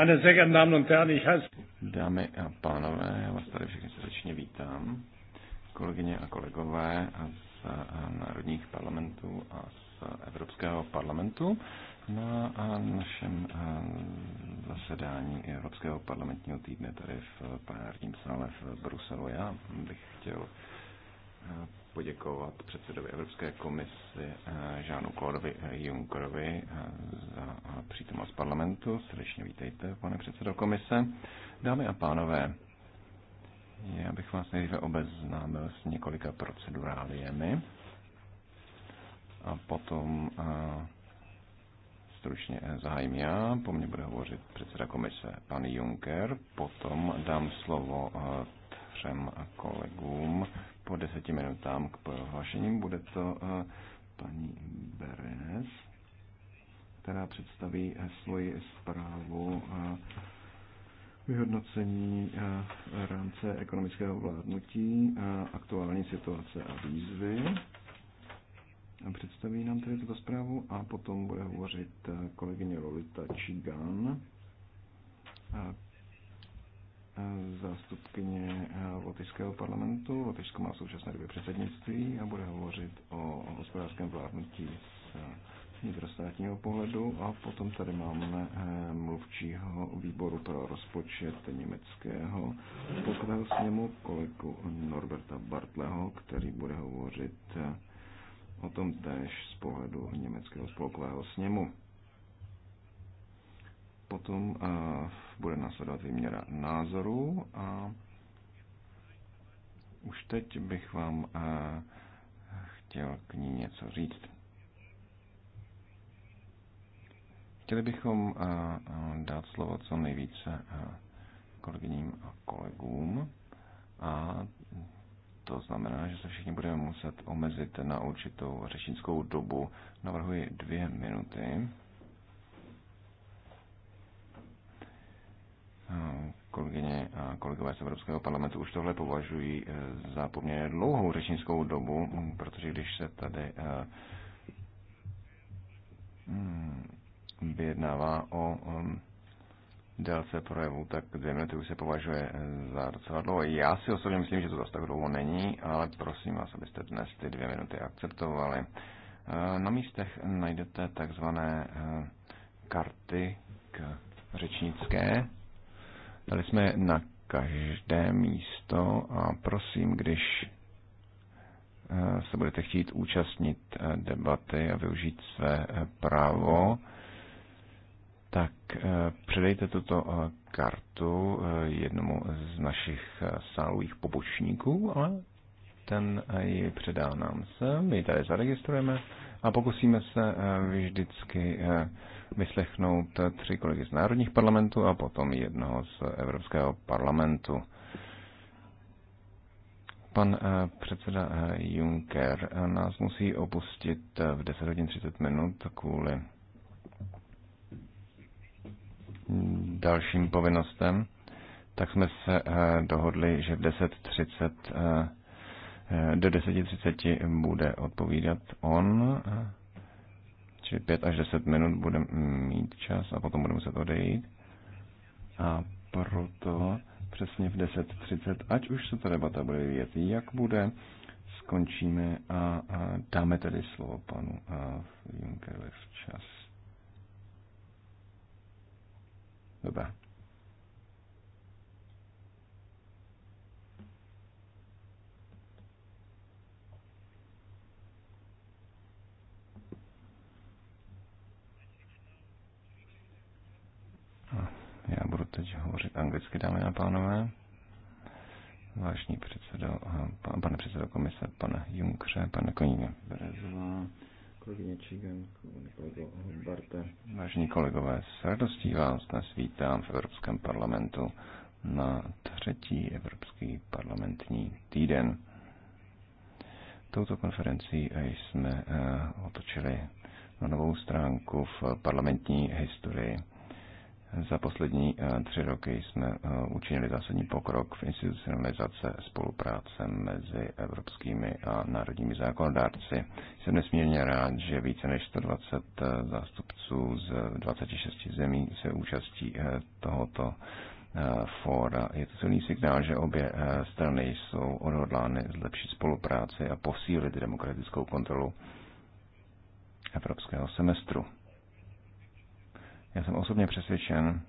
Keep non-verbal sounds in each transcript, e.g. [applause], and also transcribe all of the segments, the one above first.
Meine sehr geehrten Damen und Herren, ich heiße... Dámy a pánové, já vás tady všechny srdečně vítám. Kolegyně a kolegové z eh, národních parlamentů a z Evropského parlamentu na eh, našem eh, zasedání Evropského parlamentního týdne tady v plenárním sále v Bruselu. Já bych chtěl poděkovat předsedovi Evropské komise eh, Žánu Klodovi eh, Junkerovi eh, za přítomnost parlamentu. Srdečně vítejte, pane předsedo komise. Dámy a pánové, já bych vás nejdříve obeznámil s několika procedurálněmi a potom stručně zahájím já, po mně bude hovořit předseda komise pan Juncker, potom dám slovo třem kolegům po deseti minutám k prohlášením. Bude to eh, paní Beres, která představí eh, svoji zprávu eh, vyhodnocení rámce ekonomického vládnutí, aktuální situace a výzvy. Představí nám tedy tuto zprávu a potom bude hovořit kolegyně Lolita Čigan, zástupkyně eh, Lotyšského parlamentu. Lotyšsko má v současné době předsednictví a bude hovořit o hospodářském vládnutí z eh, vnitrostátního pohledu. A potom tady máme eh, mluvčího výboru pro rozpočet německého spolkového sněmu kolegu Norberta Bartleho, který bude hovořit o tom též z pohledu německého spolkového sněmu potom eh, bude následovat výměra názorů a už teď bych vám eh, chtěl k ní něco říct. Chtěli bychom eh, dát slovo co nejvíce kolegyním a kolegům a to znamená, že se všichni budeme muset omezit na určitou řečnickou dobu. Navrhuji dvě minuty kolegyně a kolegové z Evropského parlamentu už tohle považují eh, za poměrně dlouhou řečnickou dobu, protože když se tady eh, mm, vyjednává o mm, délce projevu, tak dvě minuty už se považuje eh, za docela dlouho. Já si osobně myslím, že to zase tak dlouho není, ale prosím vás, abyste dnes ty dvě minuty akceptovali. Na místech najdete takzvané karty k řečnické. Dali jsme na každé místo a prosím, když eh, se budete chtít účastnit eh, debaty a využít své eh, právo, tak předejte tuto kartu jednomu z našich sálových pobočníků, ale ten ji předá nám se, my tady zaregistrujeme a pokusíme se vždycky vyslechnout tři kolegy z národních parlamentů a potom jednoho z Evropského parlamentu. Pan eh, předseda eh, Juncker nás musí opustit eh, v 10 hodin 30 minut kvůli dalším povinnostem, tak jsme se dohodli, že v 10.30 do 10.30 bude odpovídat on Čili 5 až 10 minut budeme mít čas a potom budeme muset odejít. A proto přesně v 10.30, ať už se ta debata bude vyvíjet, jak bude, skončíme a, a dáme tedy slovo panu Junckerovi včas. Dobrá. Já budu teď hovořit anglicky, dámy a pánové. Vážný předsedo, eh, pane předsedo komise, pane Junkře, pane Koníně. Berezová, kolegyně Čigan, kolego Barte. Vážení kolegové, s radostí vás dnes vítám v Evropském parlamentu na třetí Evropský parlamentní týden. Touto konferencí eh, jsme eh, otočili na novou stránku v parlamentní historii za poslední eh, tři roky jsme eh, učinili zásadní pokrok v institucionalizace spolupráce mezi evropskými a národními zákonodárci. Jsem nesmírně rád, že více než 120 eh, zástupců z 26 zemí se účastí tohoto fóra. Je to silný signál, že obě strany jsou odhodlány zlepšit spolupráci a posílit demokratickou kontrolu evropského semestru. Já jsem osobně přesvědčen,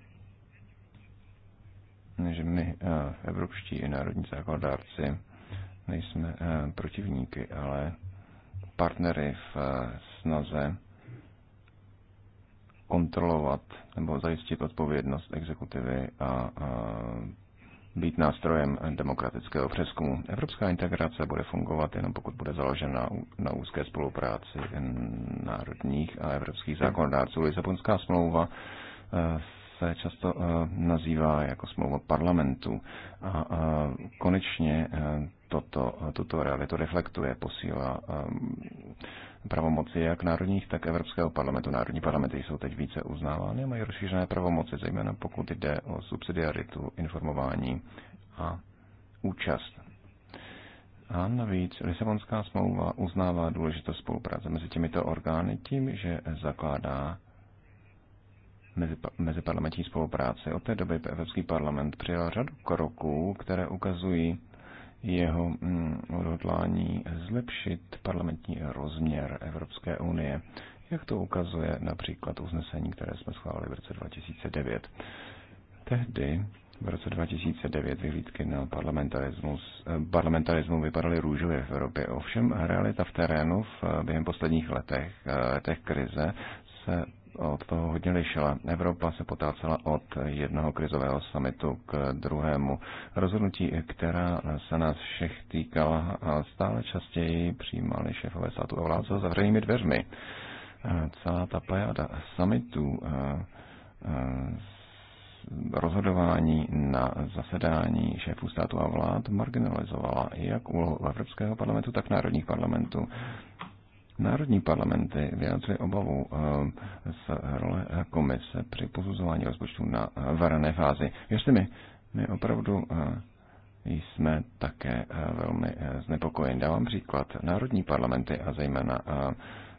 že my, eh, evropští národní základárci, nejsme eh, protivníky, ale partnery v eh, snaze kontrolovat nebo zajistit odpovědnost exekutivy a být nástrojem demokratického přeskumu. Evropská integrace bude fungovat jenom pokud bude založena na úzké spolupráci národních a evropských zákonodárců. Lisabonská smlouva eh, se často eh, nazývá jako smlouva parlamentu. A eh, konečně eh, toto, tuto realitu reflektuje, posílá pravomoci jak národních, tak Evropského parlamentu. Národní parlamenty jsou teď více uznávány a mají rozšířené pravomoci, zejména pokud jde o subsidiaritu, informování a účast. A navíc Lisabonská smlouva uznává důležitost spolupráce mezi těmito orgány tím, že zakládá meziparlamentní spolupráci. Od té doby Evropský parlament přijal řadu kroků, které ukazují jeho mm, odhodlání zlepšit parlamentní rozměr Evropské unie, jak to ukazuje například usnesení, které jsme schválili v roce 2009. Tehdy v roce 2009 vyhlídky na parlamentarismus, eh, parlamentarismu vypadaly růžově v Evropě. Ovšem realita v terénu v, eh, během posledních letech, eh, letech krize se od toho hodně lišila. Evropa se potácela od jednoho krizového samitu k druhému. Rozhodnutí, která se nás všech týkala, stále častěji přijímali šéfové států a vlád za zavřenými dveřmi. Celá ta plejada summitů rozhodování na zasedání šéfů státu a vlád marginalizovala jak úlohu Evropského parlamentu, tak národních parlamentů. Národní parlamenty vyjádřily obavu eh, z role komise při posuzování rozpočtu na varané fázi. Věřte mi, my opravdu eh, jsme také eh, velmi znepokojeni. Dávám příklad. Národní parlamenty a zejména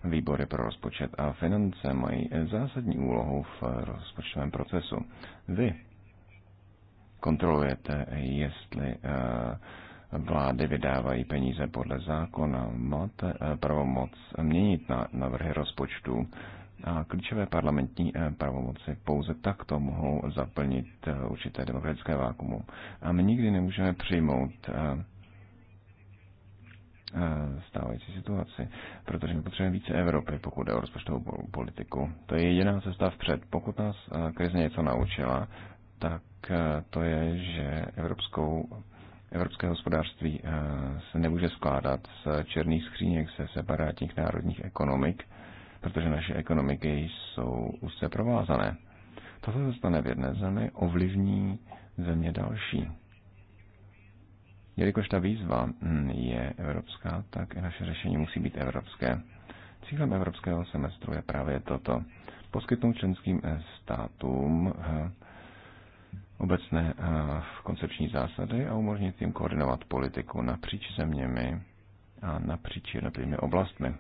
výbory pro rozpočet a finance mají zásadní úlohu v rozpočtovém procesu. Vy kontrolujete, jestli vlády vydávají peníze podle zákona, máte eh, pravomoc měnit na navrhy rozpočtu a klíčové parlamentní eh, pravomoci pouze takto mohou zaplnit eh, určité demokratické vákuum. A my nikdy nemůžeme přijmout stávající situaci, protože my potřebujeme více Evropy, pokud jde o rozpočtovou politiku. To je jediná cesta vpřed. Pokud nás krize něco naučila, tak to je, že evropskou Evropské hospodářství eh, se nemůže skládat z černých skříněk se separátních národních ekonomik, protože naše ekonomiky jsou se provázané. To se stane v jedné zemi, ovlivní země další. Jelikož ta výzva hm, je evropská, tak i naše řešení musí být evropské. Cílem evropského semestru je právě toto. Poskytnout členským eh, státům eh, obecné eh, v koncepční zásady a umožnit jim koordinovat politiku napříč zeměmi a napříč jednotlivými oblastmi.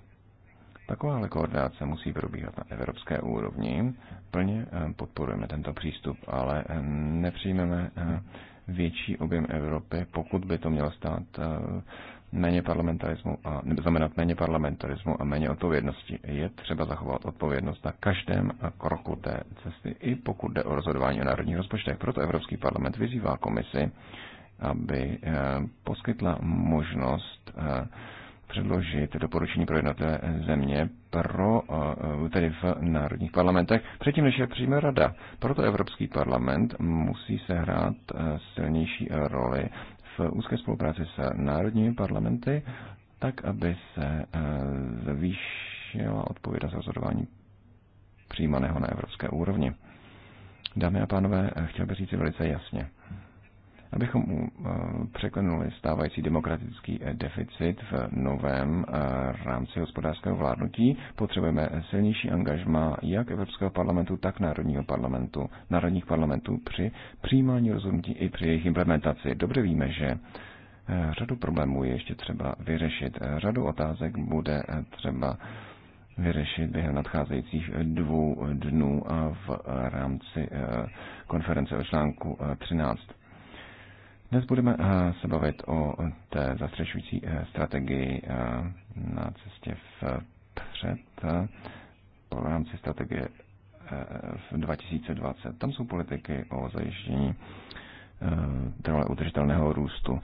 Taková koordinace musí probíhat na evropské úrovni. Plně eh, podporujeme tento přístup, ale eh, nepřijmeme větší objem Evropy, pokud by to mělo stát méně parlamentarismu a nebo znamenat méně parlamentarismu a méně odpovědnosti. Je třeba zachovat odpovědnost na každém kroku té cesty, i pokud jde o rozhodování o národních rozpočtech. Proto Evropský parlament vyzývá komisi, aby eh, poskytla možnost eh, předložit doporučení pro jednotlivé země pro, eh, tedy v národních parlamentech, předtím, než je přijme rada. Proto Evropský parlament musí sehrát silnější roli v úzké spolupráci s národními parlamenty, tak aby se eh, zvýšila odpovědnost rozhodování přijímaného na evropské úrovni. Dámy a pánové, eh, chtěl bych říct velice jasně abychom uh, překlenuli stávající demokratický eh, deficit v novém eh, rámci hospodářského vládnutí, potřebujeme silnější angažma jak Evropského parlamentu, tak Národního parlamentu, národních parlamentů při přijímání rozhodnutí i při jejich implementaci. Dobře víme, že eh, řadu problémů je ještě třeba vyřešit. Řadu otázek bude třeba vyřešit během nadcházejících dvou dnů v rámci konference o článku 13. Dnes budeme eh, se bavit o té zastřešující eh, strategii eh, na cestě vpřed v rámci strategie v 2020. Tam jsou politiky o zajištění trvale udržitelného růstu,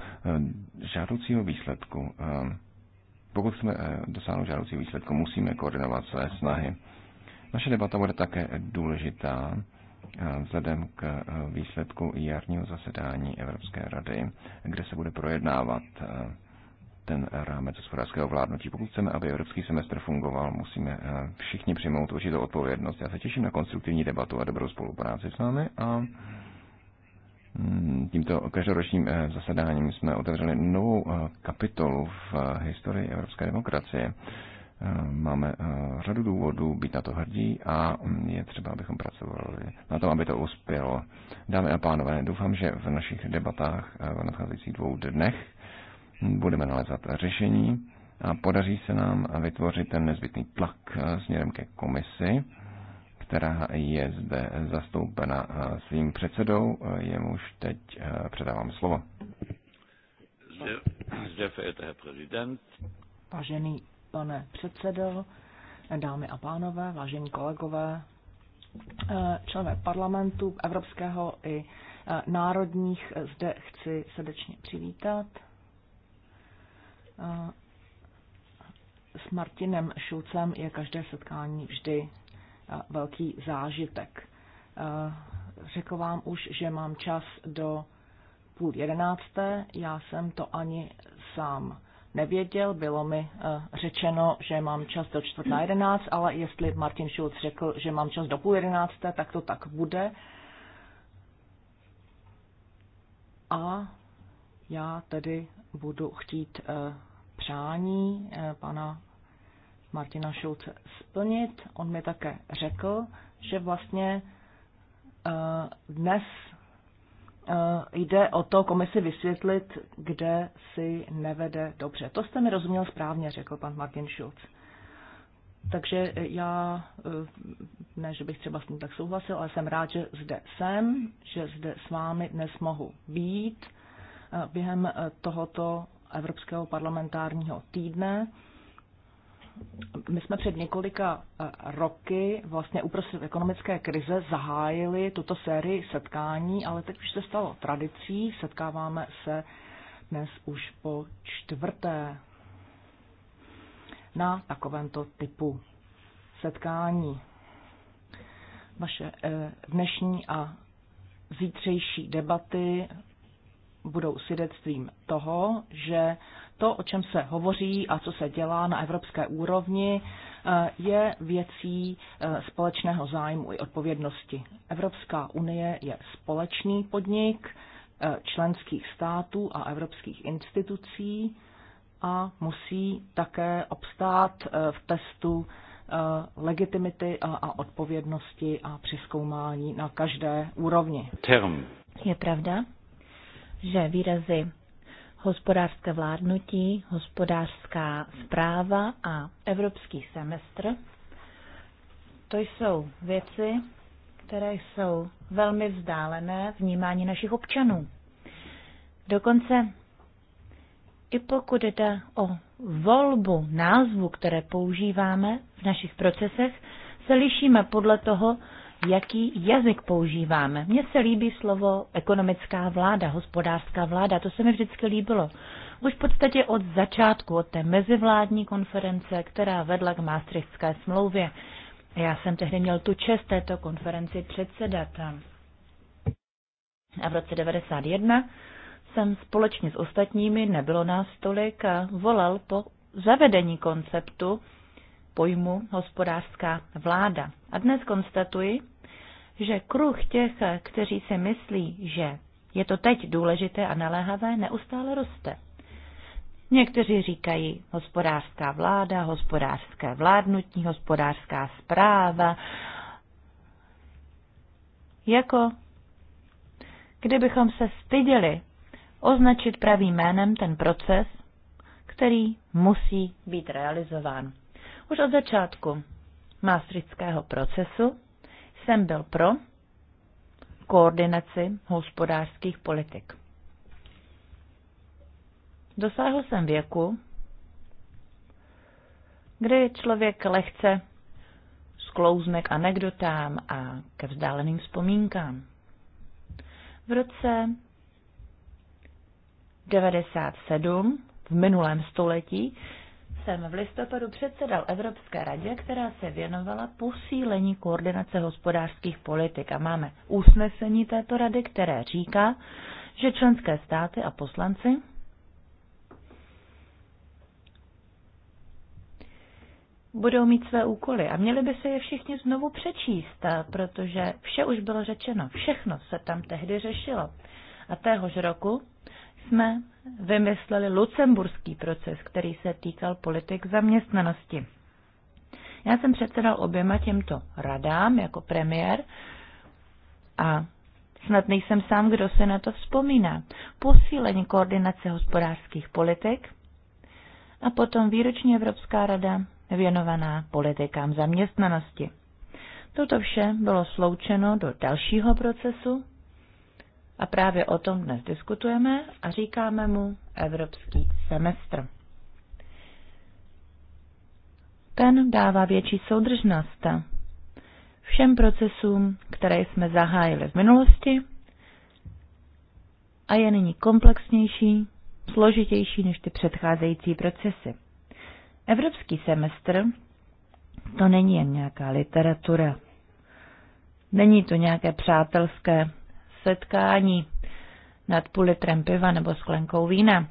žádoucího výsledku. Pokud chceme dosáhnout žádoucího výsledku, musíme koordinovat své snahy. Naše debata bude také důležitá vzhledem k eh, výsledku jarního zasedání Evropské rady, kde se bude projednávat eh, ten rámec hospodářského vládnutí. Pokud chceme, aby evropský semestr fungoval, musíme eh, všichni přijmout určitou odpovědnost. Já se těším na konstruktivní debatu a dobrou spolupráci s vámi a mm, tímto každoročním zasedáním jsme otevřeli novou kapitolu v historii evropské demokracie. Eh, máme eh, řadu důvodů být na to hrdí a mm, je třeba, abychom pracovali na tom, aby to uspělo. Dámy a pánové, doufám, že v našich debatách eh, v nadcházejících dvou dnech budeme nalézat řešení a podaří se nám vytvořit ten nezbytný tlak směrem ke komisi, která je zde zastoupena svým předsedou, jemuž teď předávám slovo. Vážený pane předsedo, dámy a pánové, vážení kolegové, eh, členové parlamentu evropského i eh, národních. Eh, zde chci srdečně přivítat s Martinem Šulcem je každé setkání vždy velký zážitek. Řekl vám už, že mám čas do půl jedenácté, já jsem to ani sám nevěděl, bylo mi eh, řečeno, že mám čas do čtvrtá jedenáct, ale jestli Martin Schulz řekl, že mám čas do půl jedenácté, tak to tak bude. A já tedy budu chtít eh, přání eh, pana Martina Šulce splnit. On mi také řekl, že vlastně dnes Eh, jde o to komisi vysvětlit, kde si nevede dobře. To jste mi rozuměl správně, řekl pan Martin Schulz. Takže já, eh, ne, že bych třeba s ním tak souhlasil, ale jsem rád, že zde jsem, že zde s vámi dnes mohu být eh, během tohoto Evropského parlamentárního týdne my jsme před několika eh, roky vlastně uprostřed ekonomické krize zahájili tuto sérii setkání, ale teď už se stalo tradicí, setkáváme se dnes už po čtvrté na takovémto typu setkání. Vaše eh, dnešní a zítřejší debaty budou svědectvím toho, že to, o čem se hovoří a co se dělá na evropské úrovni, eh, je věcí eh, společného zájmu i odpovědnosti. Evropská unie je společný podnik eh, členských států a evropských institucí a musí také obstát v testu legitimity a odpovědnosti a přeskoumání na každé úrovni. Term. Je pravda, že výrazy hospodářské vládnutí, hospodářská zpráva a evropský semestr. To jsou věci, které jsou velmi vzdálené vnímání našich občanů. Dokonce i pokud jde o volbu názvu, které používáme v našich procesech, se lišíme podle toho, jaký jazyk používáme. Mně se líbí slovo ekonomická vláda, hospodářská vláda, to se mi vždycky líbilo. Už v podstatě od začátku, od té mezivládní konference, která vedla k Maastrichtské smlouvě. Já jsem tehdy měl tu čest této konferenci předsedat. A v roce 91 jsem společně s ostatními, nebylo nás tolik, volal po zavedení konceptu pojmu hospodářská vláda. A dnes konstatuji, že kruh těch, kteří si myslí, že je to teď důležité a naléhavé, neustále roste. Někteří říkají hospodářská vláda, hospodářské vládnutí, hospodářská zpráva, jako kdybychom se styděli označit pravým jménem ten proces, který musí být realizován. Už od začátku maastrichtského procesu jsem byl pro koordinaci hospodářských politik. Dosáhl jsem věku, kdy člověk lehce sklouzne k anekdotám a ke vzdáleným vzpomínkám. V roce 97 v minulém století jsem v listopadu předsedal Evropské radě, která se věnovala posílení koordinace hospodářských politik. A máme usnesení této rady, které říká, že členské státy a poslanci budou mít své úkoly a měli by se je všichni znovu přečíst, protože vše už bylo řečeno, všechno se tam tehdy řešilo. A téhož roku jsme vymysleli lucemburský proces, který se týkal politik zaměstnanosti. Já jsem předsedal oběma těmto radám jako premiér a snad nejsem sám, kdo se na to vzpomíná. Posílení koordinace hospodářských politik a potom výroční Evropská rada věnovaná politikám zaměstnanosti. Toto vše bylo sloučeno do dalšího procesu, a právě o tom dnes diskutujeme a říkáme mu evropský semestr. Ten dává větší soudržnost všem procesům, které jsme zahájili v minulosti a je nyní komplexnější, složitější než ty předcházející procesy. Evropský semestr to není jen nějaká literatura. Není to nějaké přátelské setkání nad půl litrem piva nebo sklenkou vína.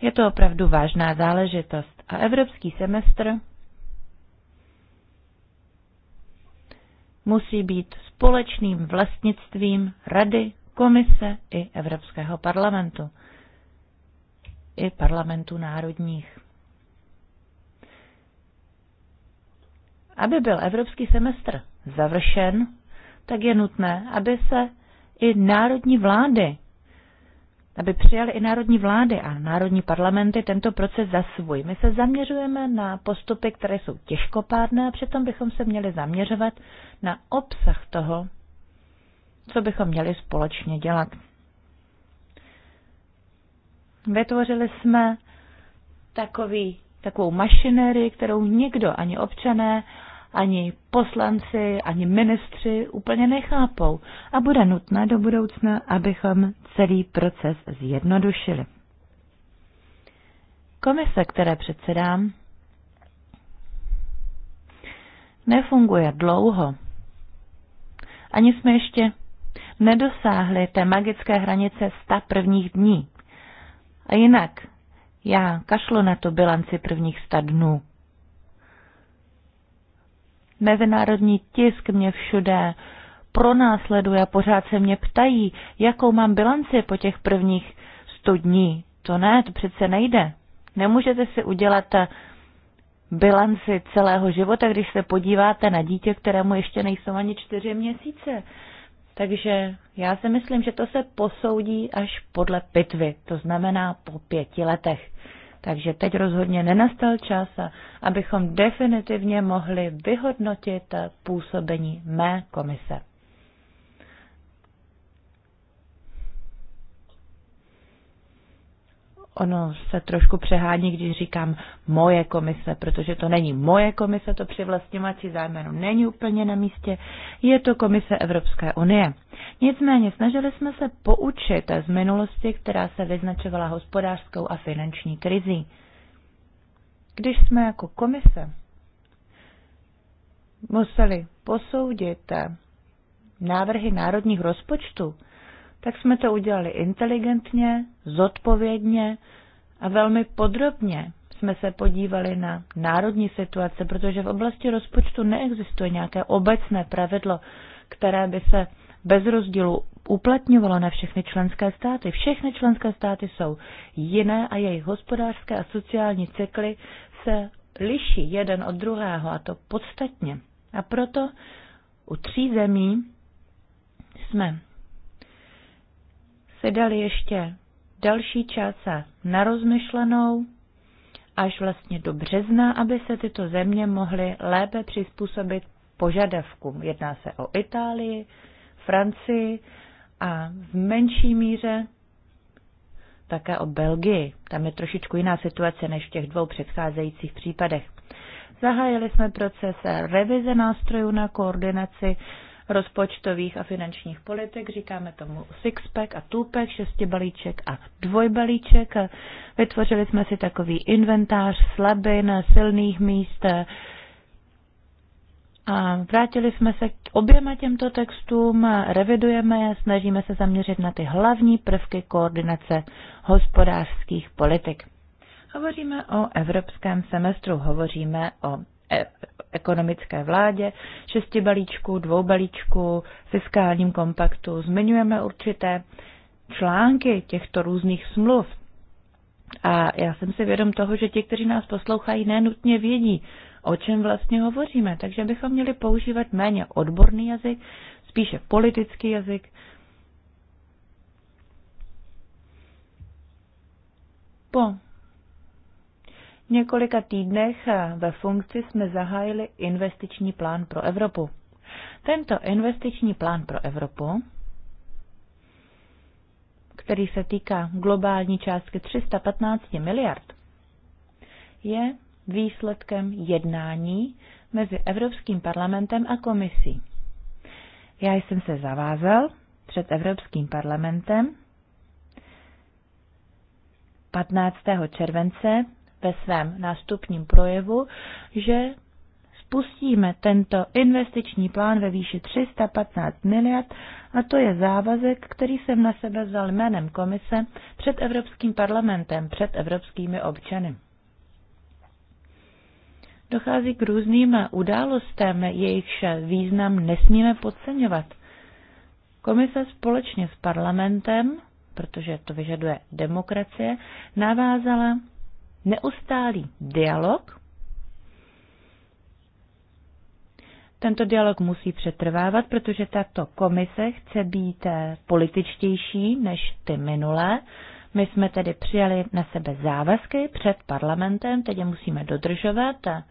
Je to opravdu vážná záležitost a evropský semestr musí být společným vlastnictvím Rady, Komise i Evropského parlamentu i parlamentu národních. Aby byl evropský semestr završen, tak je nutné, aby se i národní vlády, aby přijali i národní vlády a národní parlamenty tento proces za svůj. My se zaměřujeme na postupy, které jsou těžkopádné, a přitom bychom se měli zaměřovat na obsah toho, co bychom měli společně dělat. Vytvořili jsme takový, takovou mašinérii, kterou nikdo, ani občané, ani poslanci, ani ministři úplně nechápou a bude nutné do budoucna, abychom celý proces zjednodušili. Komise, které předsedám, nefunguje dlouho. Ani jsme ještě nedosáhli té magické hranice sta prvních dní. A jinak, já kašlo na tu bilanci prvních sta dnů mezinárodní tisk mě všude pronásleduje a pořád se mě ptají, jakou mám bilanci po těch prvních sto dní. To ne, to přece nejde. Nemůžete si udělat bilanci celého života, když se podíváte na dítě, kterému ještě nejsou ani čtyři měsíce. Takže já si myslím, že to se posoudí až podle pitvy, to znamená po pěti letech. Takže teď rozhodně nenastal čas, abychom definitivně mohli vyhodnotit působení mé komise. ono se trošku přehání, když říkám moje komise, protože to není moje komise, to přivlastňovací zájmenu není úplně na místě, je to komise Evropské unie. Nicméně snažili jsme se poučit z minulosti, která se vyznačovala hospodářskou a finanční krizí. Když jsme jako komise museli posoudit eh, návrhy národních rozpočtů, tak jsme to udělali inteligentně, zodpovědně a velmi podrobně jsme se podívali na národní situace, protože v oblasti rozpočtu neexistuje nějaké obecné pravidlo, které by se bez rozdílu uplatňovalo na všechny členské státy. Všechny členské státy jsou jiné a jejich hospodářské a sociální cykly se liší jeden od druhého a to podstatně. A proto u tří zemí jsme si dali ještě další čas na rozmyšlenou až vlastně do března, aby se tyto země mohly lépe přizpůsobit požadavkům. Jedná se o Itálii, Francii a v menší míře také o Belgii. Tam je trošičku jiná situace než v těch dvou předcházejících případech. Zahájili jsme proces revize nástrojů na koordinaci rozpočtových a finančních politik. Říkáme tomu sixpack a tupek, šestibalíček a dvojbalíček. Vytvořili jsme si takový inventář slabin, silných míst, a vrátili jsme se k oběma těmto textům, revidujeme je, snažíme se zaměřit na ty hlavní prvky koordinace hospodářských politik. Hovoříme o evropském semestru, hovoříme o E, ekonomické vládě, šesti balíčků, dvou balíčků, fiskálním kompaktu. Zmiňujeme určité články těchto různých smluv. A já jsem si vědom toho, že ti, kteří nás poslouchají, nenutně vědí, o čem vlastně hovoříme. Takže bychom měli používat méně odborný jazyk, spíše politický jazyk. Po několika týdnech ve funkci jsme zahájili investiční plán pro Evropu. Tento investiční plán pro Evropu, který se týká globální částky 315 miliard, je výsledkem jednání mezi Evropským parlamentem a komisí. Já jsem se zavázal před Evropským parlamentem 15. července ve svém nástupním projevu, že spustíme tento investiční plán ve výši 315 miliard a to je závazek, který jsem na sebe vzal jménem komise před Evropským parlamentem, před evropskými občany. Dochází k různým událostem, jejichž význam nesmíme podceňovat. Komise společně s parlamentem, protože to vyžaduje demokracie, navázala neustálý dialog. Tento dialog musí přetrvávat, protože tato komise chce být eh, političtější než ty minulé. My jsme tedy přijali na sebe závazky před parlamentem, teď je musíme dodržovat. A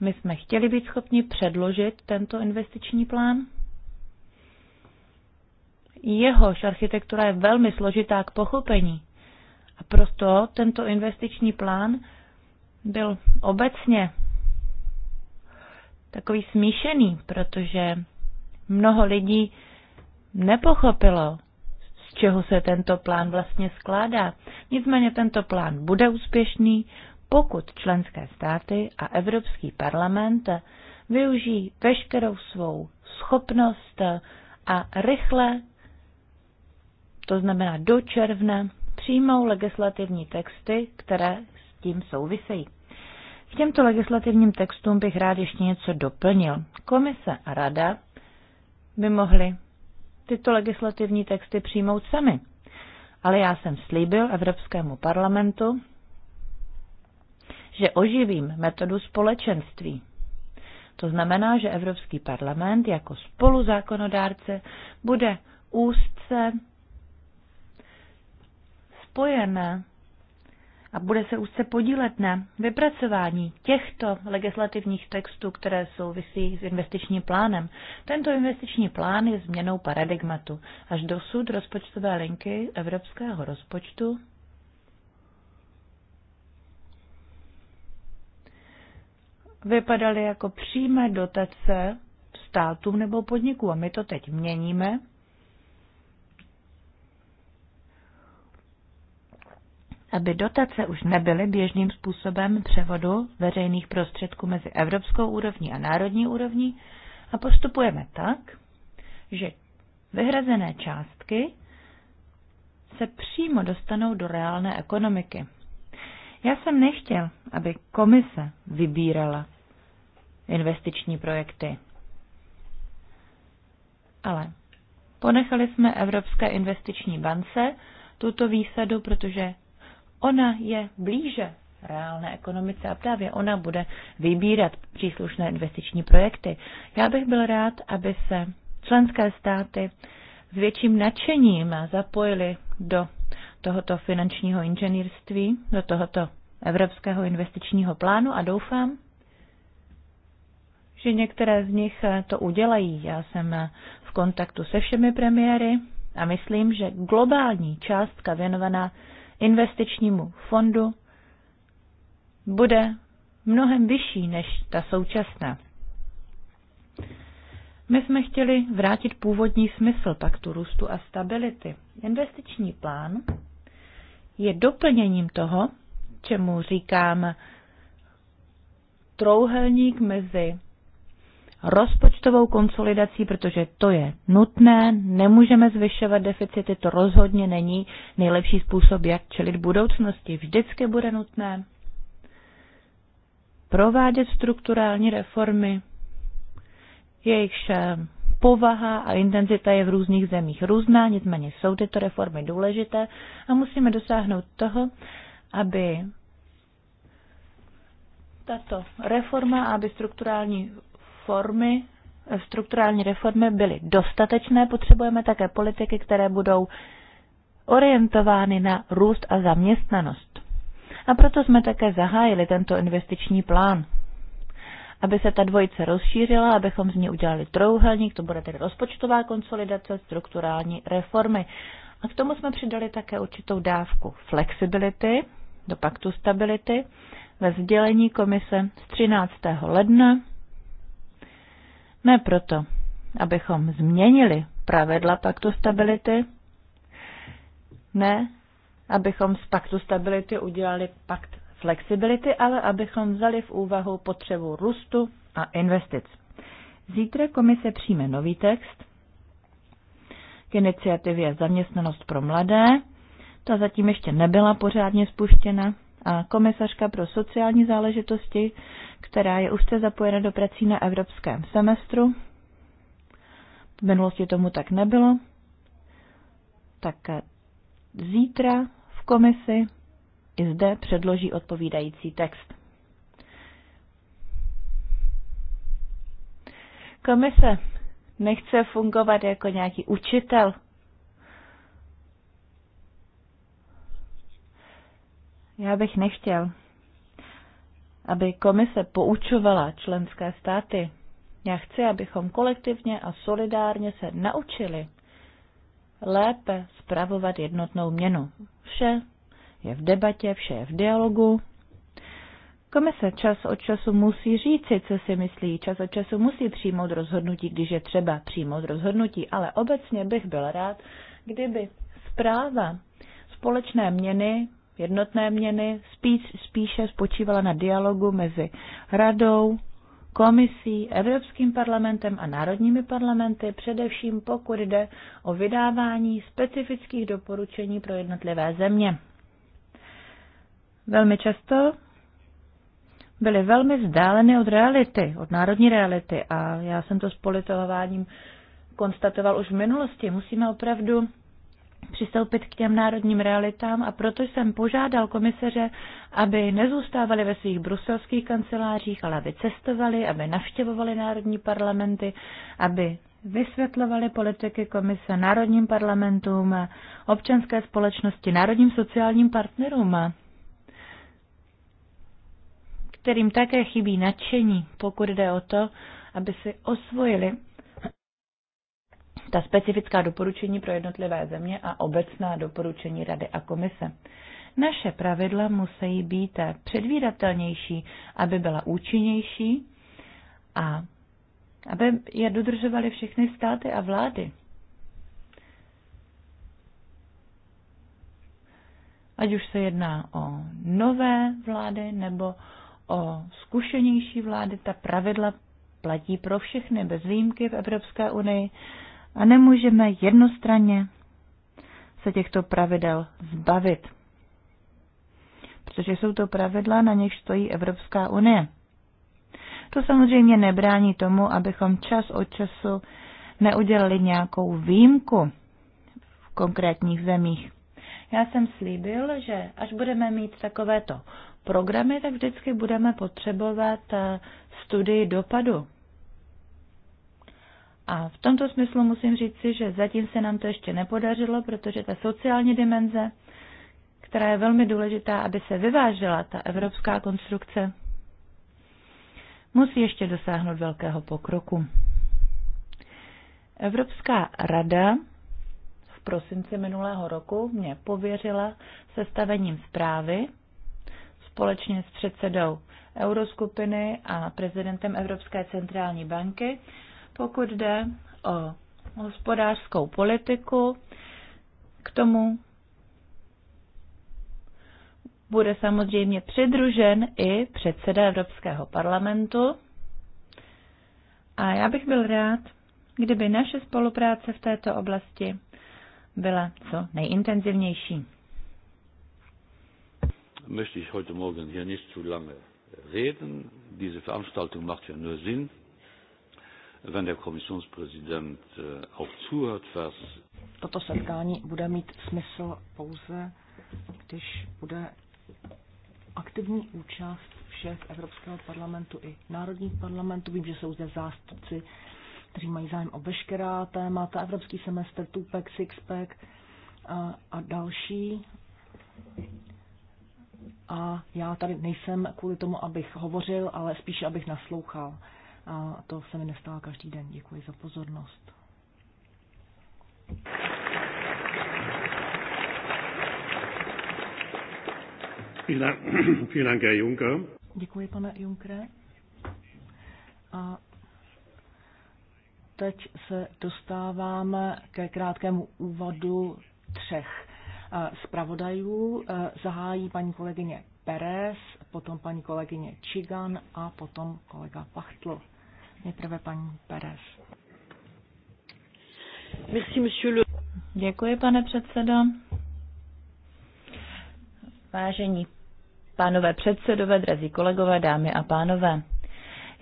my jsme chtěli být schopni předložit tento investiční plán. Jehož architektura je velmi složitá k pochopení. A proto tento investiční plán byl obecně takový smíšený, protože mnoho lidí nepochopilo, z čeho se tento plán vlastně skládá. Nicméně tento plán bude úspěšný, pokud členské státy a Evropský parlament využijí veškerou svou schopnost a rychle, to znamená do června, přijmou legislativní texty, které s tím souvisejí. K těmto legislativním textům bych rád ještě něco doplnil. Komise a rada by mohly tyto legislativní texty přijmout sami. Ale já jsem slíbil Evropskému parlamentu, že oživím metodu společenství. To znamená, že Evropský parlament jako spoluzákonodárce bude úzce spojen a bude se úzce podílet na vypracování těchto legislativních textů, které souvisí s investičním plánem. Tento investiční plán je změnou paradigmatu. Až dosud rozpočtové linky evropského rozpočtu vypadaly jako přímé dotace státům nebo podniků. A my to teď měníme aby dotace už nebyly běžným způsobem převodu veřejných prostředků mezi evropskou úrovní a národní úrovní a postupujeme tak, že vyhrazené částky se přímo dostanou do reálné ekonomiky. Já jsem nechtěl, aby komise vybírala investiční projekty. Ale ponechali jsme Evropské investiční bance tuto výsadu, protože Ona je blíže reálné ekonomice a právě ona bude vybírat příslušné investiční projekty. Já bych byl rád, aby se členské státy s větším nadšením zapojili do tohoto finančního inženýrství, do tohoto Evropského investičního plánu a doufám, že některé z nich to udělají. Já jsem v kontaktu se všemi premiéry a myslím, že globální částka věnovaná investičnímu fondu bude mnohem vyšší než ta současná. My jsme chtěli vrátit původní smysl paktu růstu a stability. Investiční plán je doplněním toho, čemu říkám trouhelník mezi rozpočtovou konsolidací, protože to je nutné, nemůžeme zvyšovat deficity, to rozhodně není nejlepší způsob, jak čelit budoucnosti. Vždycky bude nutné provádět strukturální reformy, jejichž eh, povaha a intenzita je v různých zemích různá, nicméně jsou tyto reformy důležité a musíme dosáhnout toho, aby tato reforma, aby strukturální reformy, strukturální reformy byly dostatečné, potřebujeme také politiky, které budou orientovány na růst a zaměstnanost. A proto jsme také zahájili tento investiční plán, aby se ta dvojice rozšířila, abychom z ní udělali trouhelník, to bude tedy rozpočtová konsolidace, strukturální reformy. A k tomu jsme přidali také určitou dávku flexibility do paktu stability ve sdělení komise z 13. ledna ne proto, abychom změnili pravidla paktu stability, ne, abychom z paktu stability udělali pakt flexibility, ale abychom vzali v úvahu potřebu růstu a investic. Zítra komise přijme nový text k iniciativě Zaměstnanost pro mladé. Ta zatím ještě nebyla pořádně spuštěna a komisařka pro sociální záležitosti, která je úzce zapojena do prací na evropském semestru. V minulosti tomu tak nebylo. Tak zítra v komisi i zde předloží odpovídající text. Komise nechce fungovat jako nějaký učitel, Já bych nechtěl, aby komise poučovala členské státy. Já chci, abychom kolektivně a solidárně se naučili lépe zpravovat jednotnou měnu. Vše je v debatě, vše je v dialogu. Komise čas od času musí říci, co si myslí, čas od času musí přijmout rozhodnutí, když je třeba přijmout rozhodnutí, ale obecně bych byl rád, kdyby zpráva společné měny jednotné měny spíš, spíše spočívala na dialogu mezi radou, komisí, Evropským parlamentem a národními parlamenty, především pokud jde o vydávání specifických doporučení pro jednotlivé země. Velmi často byly velmi vzdáleny od reality, od národní reality a já jsem to s politováním konstatoval už v minulosti. Musíme opravdu přistoupit k těm národním realitám a proto jsem požádal komisaře, aby nezůstávali ve svých bruselských kancelářích, ale aby cestovali, aby navštěvovali národní parlamenty, aby vysvětlovali politiky komise národním parlamentům, občanské společnosti, národním sociálním partnerům, kterým také chybí nadšení, pokud jde o to, aby si osvojili ta specifická doporučení pro jednotlivé země a obecná doporučení Rady a Komise. Naše pravidla musí být předvídatelnější, aby byla účinnější a aby je dodržovaly všechny státy a vlády. Ať už se jedná o nové vlády nebo o zkušenější vlády, ta pravidla platí pro všechny bez výjimky v Evropské unii a nemůžeme jednostranně se těchto pravidel zbavit. Protože jsou to pravidla, na něž stojí Evropská unie. To samozřejmě nebrání tomu, abychom čas od času neudělali nějakou výjimku v konkrétních zemích. Já jsem slíbil, že až budeme mít takovéto programy, tak vždycky budeme potřebovat eh, studii dopadu a v tomto smyslu musím říci, že zatím se nám to ještě nepodařilo, protože ta sociální dimenze, která je velmi důležitá, aby se vyvážela ta evropská konstrukce, musí ještě dosáhnout velkého pokroku. Evropská rada v prosinci minulého roku mě pověřila sestavením zprávy společně s předsedou Euroskupiny a prezidentem Evropské centrální banky pokud jde o hospodářskou politiku, k tomu bude samozřejmě přidružen i předseda Evropského parlamentu. A já bych byl rád, kdyby naše spolupráce v této oblasti byla co nejintenzivnější. Möchte ich heute Morgen hier nicht zu lange reden. Diese Veranstaltung macht ja nur Sinn, wenn der Kommissionspräsident äh, auch zuhört, was Toto setkání bude mít smysl pouze, když bude aktivní účast všech Evropského parlamentu i národních parlamentů. Vím, že jsou zde zástupci, kteří mají zájem o veškerá témata, evropský semestr, Tupac, Sixpack a, a další. A já tady nejsem kvůli tomu, abych hovořil, ale spíše, abych naslouchal a to se mi nestává každý den. Děkuji za pozornost. [clears throat] Děkuji, pane Junkere. A teď se dostáváme ke krátkému úvodu třech eh, zpravodajů. Eh, zahájí paní kolegyně Perez, potom paní kolegyně Čigan a potom kolega Pachtl. Nejprve paní Perez. Děkuji, pane předsedo. Vážení pánové předsedové, drazí kolegové, dámy a pánové.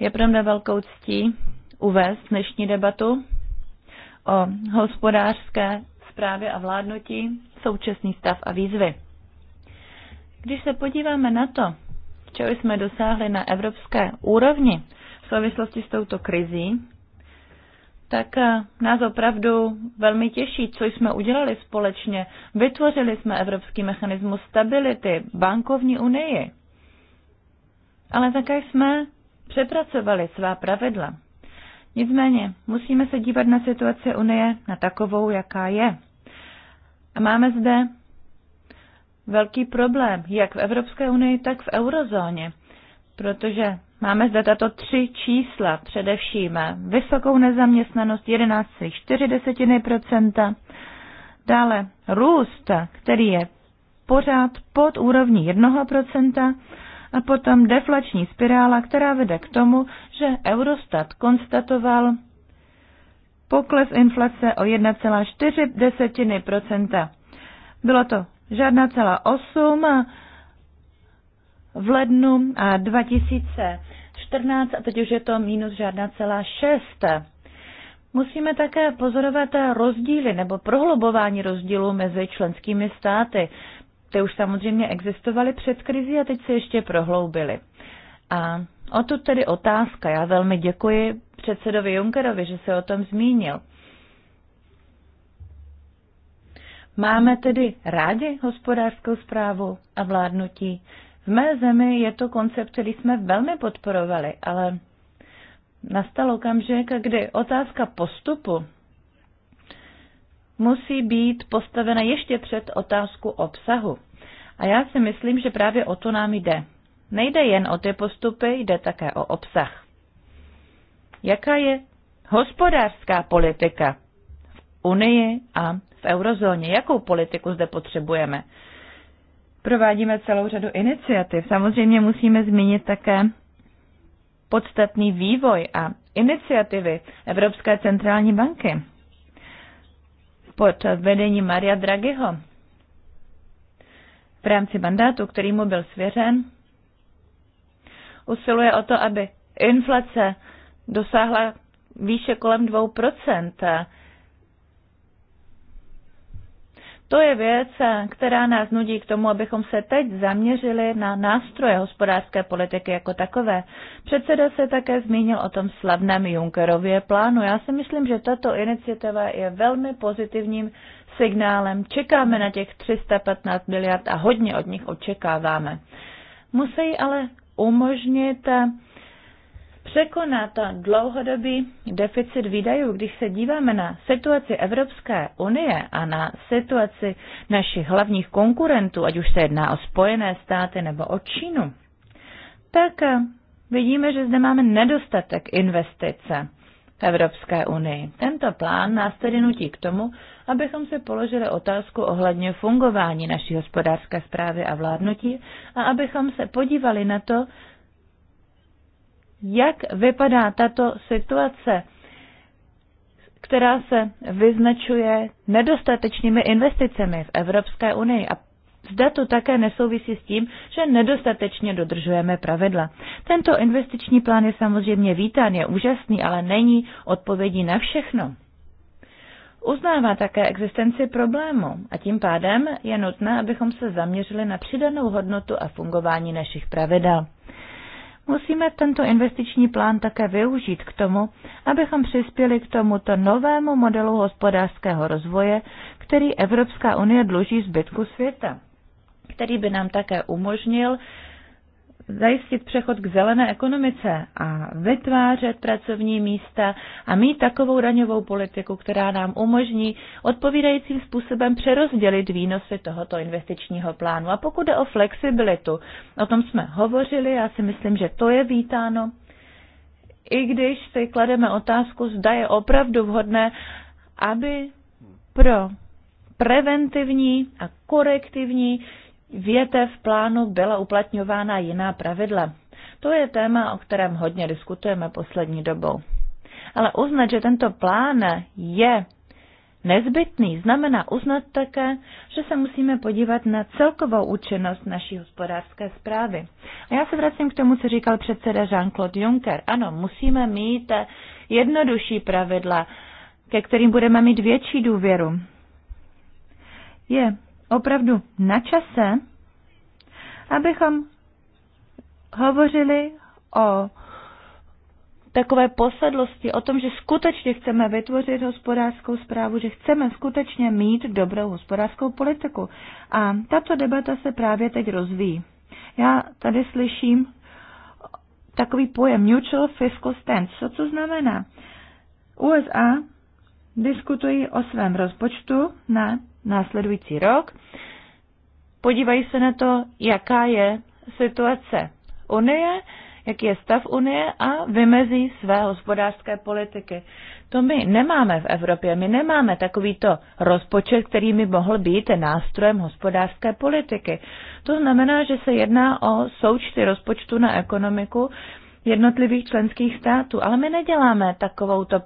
Je pro mě velkou ctí uvést dnešní debatu o hospodářské správě a vládnutí, současný stav a výzvy. Když se podíváme na to, čeho jsme dosáhli na evropské úrovni v souvislosti s touto krizí, tak eh, nás opravdu velmi těší, co jsme udělali společně. Vytvořili jsme Evropský mechanismus stability, bankovní unii. Ale také jsme přepracovali svá pravidla. Nicméně musíme se dívat na situaci Unie na takovou, jaká je. A máme zde velký problém, jak v Evropské unii, tak v eurozóně, protože Máme zde tato tři čísla, především vysokou nezaměstnanost 11,4%, dále růst, který je pořád pod úrovní 1% a potom deflační spirála, která vede k tomu, že Eurostat konstatoval pokles inflace o 1,4%. Bylo to žádná celá 8 v lednu 2000 14 a teď už je to minus žádná celá 6. Musíme také pozorovat rozdíly nebo prohlubování rozdílů mezi členskými státy. Ty už samozřejmě existovaly před krizi a teď se ještě prohloubily. A o to tedy otázka. Já velmi děkuji předsedovi Junkerovi, že se o tom zmínil. Máme tedy rádi hospodářskou zprávu a vládnutí. V mé zemi je to koncept, který jsme velmi podporovali, ale nastal okamžik, kdy otázka postupu musí být postavena ještě před otázku obsahu. A já si myslím, že právě o to nám jde. Nejde jen o ty postupy, jde také o obsah. Jaká je hospodářská politika v Unii a v eurozóně? Jakou politiku zde potřebujeme? Provádíme celou řadu iniciativ. Samozřejmě musíme zmínit také podstatný vývoj a iniciativy Evropské centrální banky pod vedením Maria Draghiho v rámci mandátu, který mu byl svěřen, usiluje o to, aby inflace dosáhla výše kolem 2%. To je věc, která nás nudí k tomu, abychom se teď zaměřili na nástroje hospodářské politiky jako takové. Předseda se také zmínil o tom slavném Junckerově plánu. Já si myslím, že tato iniciativa je velmi pozitivním signálem. Čekáme na těch 315 miliard a hodně od nich očekáváme. Musí ale umožnit překonat dlouhodobý deficit výdajů, když se díváme na situaci Evropské unie a na situaci našich hlavních konkurentů, ať už se jedná o Spojené státy nebo o Čínu, tak eh, vidíme, že zde máme nedostatek investice v Evropské unii. Tento plán nás tedy nutí k tomu, abychom se položili otázku ohledně fungování naší hospodářské zprávy a vládnutí a abychom se podívali na to, jak vypadá tato situace, která se vyznačuje nedostatečnými investicemi v Evropské unii a Zda to také nesouvisí s tím, že nedostatečně dodržujeme pravidla. Tento investiční plán je samozřejmě vítán, je úžasný, ale není odpovědí na všechno. Uznává také existenci problému a tím pádem je nutné, abychom se zaměřili na přidanou hodnotu a fungování našich pravidel. Musíme tento investiční plán také využít k tomu, abychom přispěli k tomuto novému modelu hospodářského rozvoje, který Evropská unie dluží zbytku světa, který by nám také umožnil zajistit přechod k zelené ekonomice a vytvářet pracovní místa a mít takovou daňovou politiku, která nám umožní odpovídajícím způsobem přerozdělit výnosy tohoto investičního plánu. A pokud jde o flexibilitu, o tom jsme hovořili, já si myslím, že to je vítáno. I když si klademe otázku, zda je opravdu vhodné, aby pro preventivní a korektivní větev plánu byla uplatňována jiná pravidla. To je téma, o kterém hodně diskutujeme poslední dobou. Ale uznat, že tento plán je nezbytný, znamená uznat také, že se musíme podívat na celkovou účinnost naší hospodářské zprávy. A já se vracím k tomu, co říkal předseda Jean-Claude Juncker. Ano, musíme mít jednodušší pravidla, ke kterým budeme mít větší důvěru. Je opravdu na čase, abychom hovořili o takové posedlosti, o tom, že skutečně chceme vytvořit hospodářskou zprávu, že chceme skutečně mít dobrou hospodářskou politiku. A tato debata se právě teď rozvíjí. Já tady slyším takový pojem mutual fiscal stance. Co to znamená? USA diskutují o svém rozpočtu na následující rok. Podívají se na to, jaká je situace Unie, jaký je stav Unie a vymezí své hospodářské politiky. To my nemáme v Evropě. My nemáme takovýto rozpočet, který by mohl být nástrojem hospodářské politiky. To znamená, že se jedná o součty rozpočtu na ekonomiku jednotlivých členských států. Ale my neděláme takovouto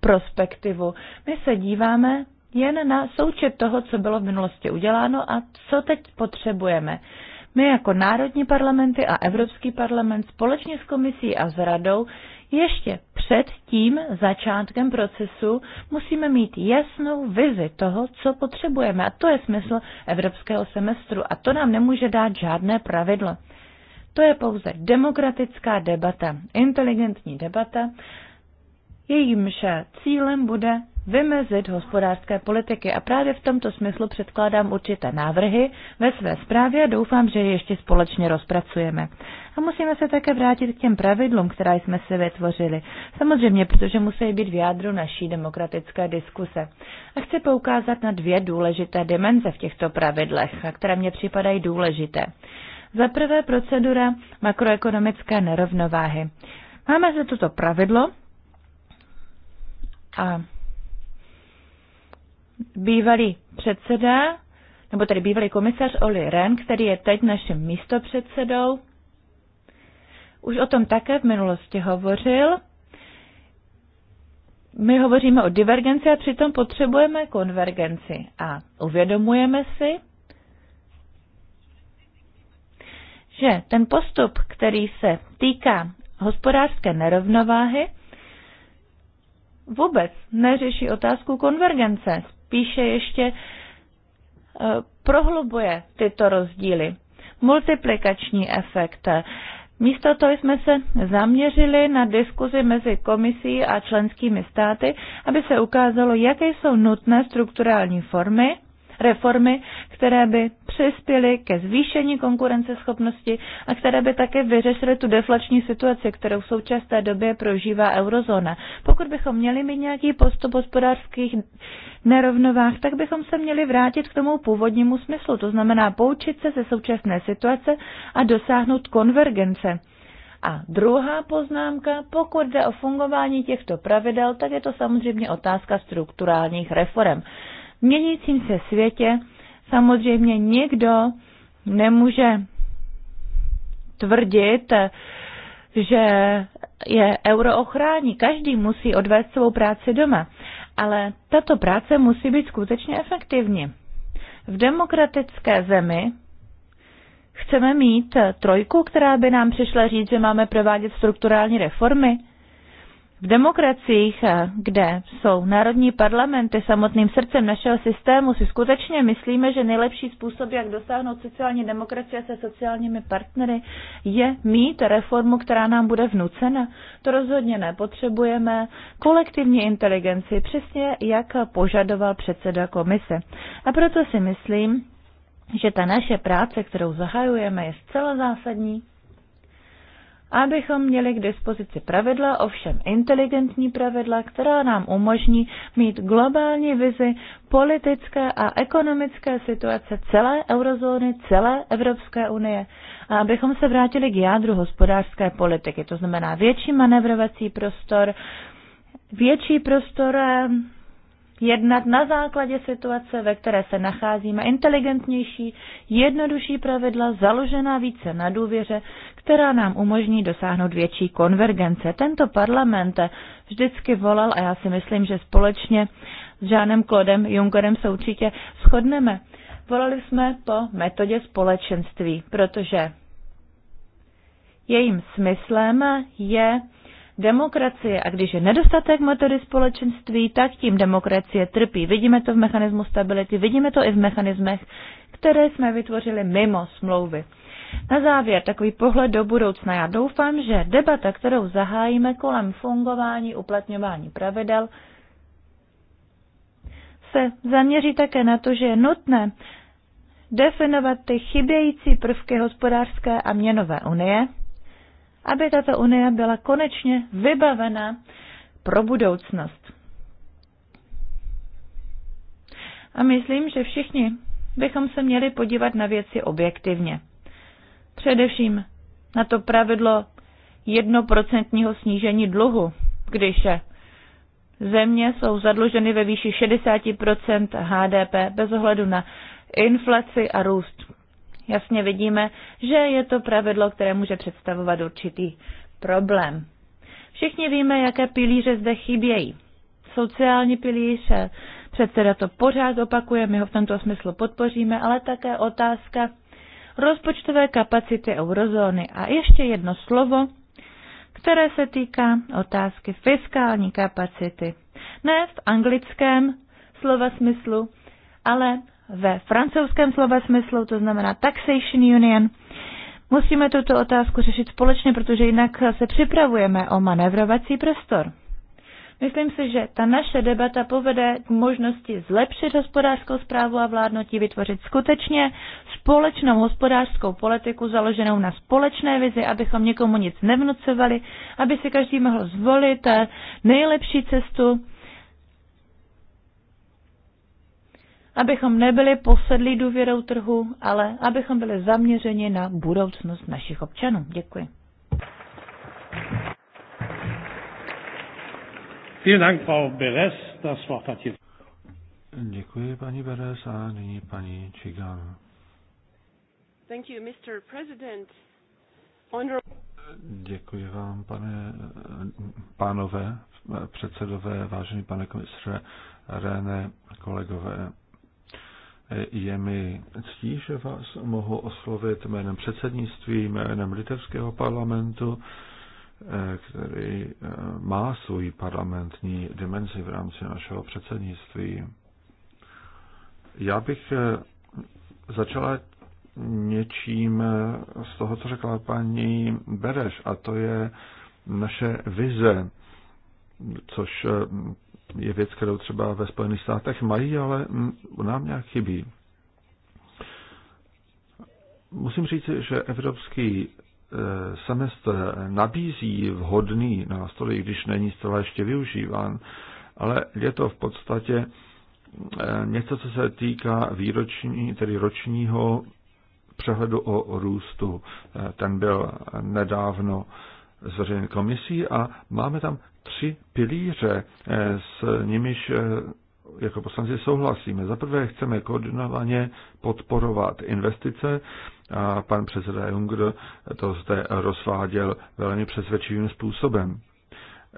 prospektivu. My se díváme jen na součet toho, co bylo v minulosti uděláno a co teď potřebujeme. My jako národní parlamenty a Evropský parlament společně s komisí a s radou ještě před tím začátkem procesu musíme mít jasnou vizi toho, co potřebujeme. A to je smysl evropského semestru. A to nám nemůže dát žádné pravidlo. To je pouze demokratická debata, inteligentní debata, mše cílem bude vymezit hospodářské politiky a právě v tomto smyslu předkládám určité návrhy ve své zprávě a doufám, že je ještě společně rozpracujeme. A musíme se také vrátit k těm pravidlům, která jsme si vytvořili. Samozřejmě, protože musí být v jádru naší demokratické diskuse. A chci poukázat na dvě důležité dimenze v těchto pravidlech, které mně připadají důležité. Za prvé procedura makroekonomické nerovnováhy. Máme zde toto pravidlo, a bývalý předseda, nebo tedy bývalý komisař Oli Ren, který je teď naším místopředsedou, už o tom také v minulosti hovořil. My hovoříme o divergenci a přitom potřebujeme konvergenci a uvědomujeme si, že ten postup, který se týká hospodářské nerovnováhy, vůbec neřeší otázku konvergence, spíše ještě eh, prohlubuje tyto rozdíly. Multiplikační efekt. Místo toho jsme se zaměřili na diskuzi mezi komisí a členskými státy, aby se ukázalo, jaké jsou nutné strukturální formy, reformy, které by přispěly ke zvýšení konkurenceschopnosti a které by také vyřešily tu deflační situaci, kterou v současné době prožívá eurozóna. Pokud bychom měli mít nějaký postup hospodářských nerovnovách, tak bychom se měli vrátit k tomu původnímu smyslu, to znamená poučit se ze současné situace a dosáhnout konvergence. A druhá poznámka, pokud jde o fungování těchto pravidel, tak je to samozřejmě otázka strukturálních reform měnícím se světě samozřejmě nikdo nemůže tvrdit, že je euro ochrání. Každý musí odvést svou práci doma. Ale tato práce musí být skutečně efektivní. V demokratické zemi chceme mít trojku, která by nám přišla říct, že máme provádět strukturální reformy. V demokraciích, eh, kde jsou národní parlamenty samotným srdcem našeho systému, si skutečně myslíme, že nejlepší způsob, jak dosáhnout sociální demokracie se sociálními partnery, je mít reformu, která nám bude vnucena. To rozhodně nepotřebujeme. Kolektivní inteligenci, přesně jak požadoval předseda komise. A proto si myslím, že ta naše práce, kterou zahajujeme, je zcela zásadní abychom měli k dispozici pravidla, ovšem inteligentní pravidla, která nám umožní mít globální vizi politické a ekonomické situace celé eurozóny, celé Evropské unie a abychom se vrátili k jádru hospodářské politiky, to znamená větší manevrovací prostor, větší prostor eh, jednat na základě situace, ve které se nacházíme, inteligentnější, jednodušší pravidla, založená více na důvěře, která nám umožní dosáhnout větší konvergence. Tento parlament vždycky volal, a já si myslím, že společně s Žánem Klodem Jungerem se určitě shodneme, volali jsme po metodě společenství, protože jejím smyslem je demokracie. A když je nedostatek metody společenství, tak tím demokracie trpí. Vidíme to v mechanismu stability, vidíme to i v mechanismech, které jsme vytvořili mimo smlouvy. Na závěr takový pohled do budoucna. Já doufám, že debata, kterou zahájíme kolem fungování, uplatňování pravidel, se zaměří také na to, že je nutné definovat ty chybějící prvky hospodářské a měnové unie, aby tato unie byla konečně vybavena pro budoucnost. A myslím, že všichni bychom se měli podívat na věci objektivně. Především na to pravidlo jednoprocentního snížení dluhu, když země jsou zadluženy ve výši 60 HDP bez ohledu na inflaci a růst jasně vidíme, že je to pravidlo, které může představovat určitý problém. Všichni víme, jaké pilíře zde chybějí. Sociální pilíř, eh, předseda to pořád opakuje, my ho v tomto smyslu podpoříme, ale také otázka rozpočtové kapacity eurozóny. A ještě jedno slovo, které se týká otázky fiskální kapacity. Ne v anglickém slova smyslu, ale ve francouzském slova smyslu, to znamená Taxation Union. Musíme tuto otázku řešit společně, protože jinak se připravujeme o manevrovací prostor. Myslím si, že ta naše debata povede k možnosti zlepšit hospodářskou zprávu a vládnutí, vytvořit skutečně společnou hospodářskou politiku založenou na společné vizi, abychom někomu nic nevnucovali, aby si každý mohl zvolit nejlepší cestu abychom nebyli posedlí důvěrou trhu, ale abychom byli zaměřeni na budoucnost našich občanů. Děkuji. Děkuji, paní Beres, a nyní paní Čigán. Thank you, Mr. President. Děkuji vám, pane, pánové, předsedové, vážený pane komisře, René, kolegové. Je mi ctí, že vás mohu oslovit jménem předsednictví, jménem litevského parlamentu, eh, který eh, má svůj parlamentní dimenzi v rámci našeho předsednictví. Já bych eh, začala něčím z toho, co řekla paní Bereš, a to je naše vize, což je věc, kterou třeba ve Spojených státech mají, ale mm, nám nějak chybí. Musím říct, že evropský e, semestr nabízí vhodný nástroj, když není zcela ještě využíván, ale je to v podstatě e, něco, co se týká výroční, tedy ročního přehledu o růstu. E, ten byl nedávno zveřejněn komisí a máme tam tři pilíře, eh, s nimiž eh, jako poslanci souhlasíme. Za prvé chceme koordinovaně podporovat investice a pan předseda Junger to zde rozváděl velmi přesvědčivým způsobem.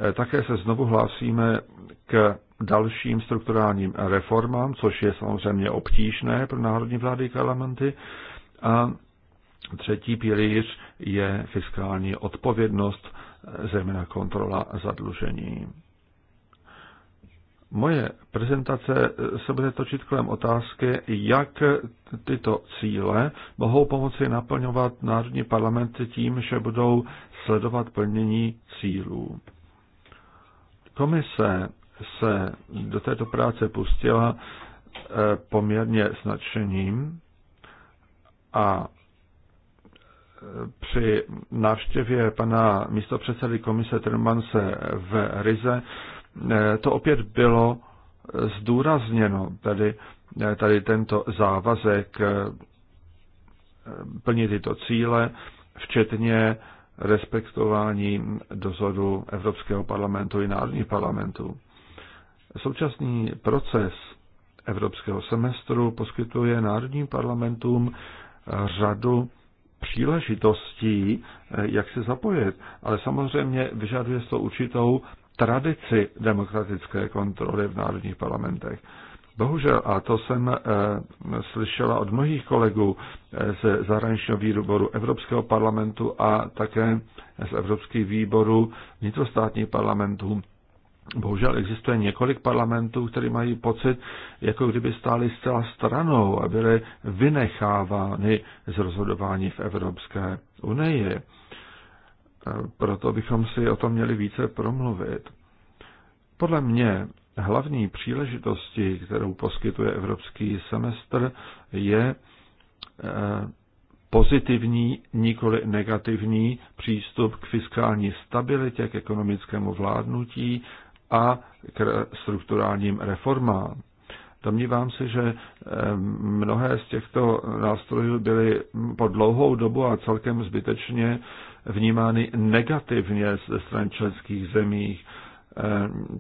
Eh, také se znovu hlásíme k dalším strukturálním reformám, což je samozřejmě obtížné pro národní vlády i parlamenty. A třetí pilíř je fiskální odpovědnost, zejména kontrola zadlužení. Moje prezentace se bude točit kolem otázky, jak tyto cíle mohou pomoci naplňovat národní parlamenty tím, že budou sledovat plnění cílů. Komise se do této práce pustila eh, poměrně značením a při návštěvě pana místopředsedy komise Trmanse v Rize eh, to opět bylo eh, zdůrazněno, tedy eh, tady tento závazek plnit tyto cíle, včetně respektování dozoru Evropského parlamentu i národních parlamentů. Současný proces evropského semestru poskytuje národním parlamentům řadu příležitostí, eh, jak se zapojit, ale samozřejmě vyžaduje to určitou tradici demokratické kontroly v národních parlamentech. Bohužel, a to jsem e, slyšela od mnohých kolegů eh, e, z zahraničního výboru Evropského parlamentu a také z Evropských výborů vnitrostátních parlamentů, Bohužel existuje několik parlamentů, které mají pocit, jako kdyby stály zcela stranou a byly vynechávány z rozhodování v Evropské unii. E, proto bychom si o tom měli více promluvit. Podle mě hlavní příležitosti, kterou poskytuje evropský semestr, je e, pozitivní, nikoli negativní přístup k fiskální stabilitě, k ekonomickému vládnutí, a k strukturálním reformám. Domnívám se, že mnohé z těchto nástrojů byly po dlouhou dobu a celkem zbytečně vnímány negativně ze strany členských zemí.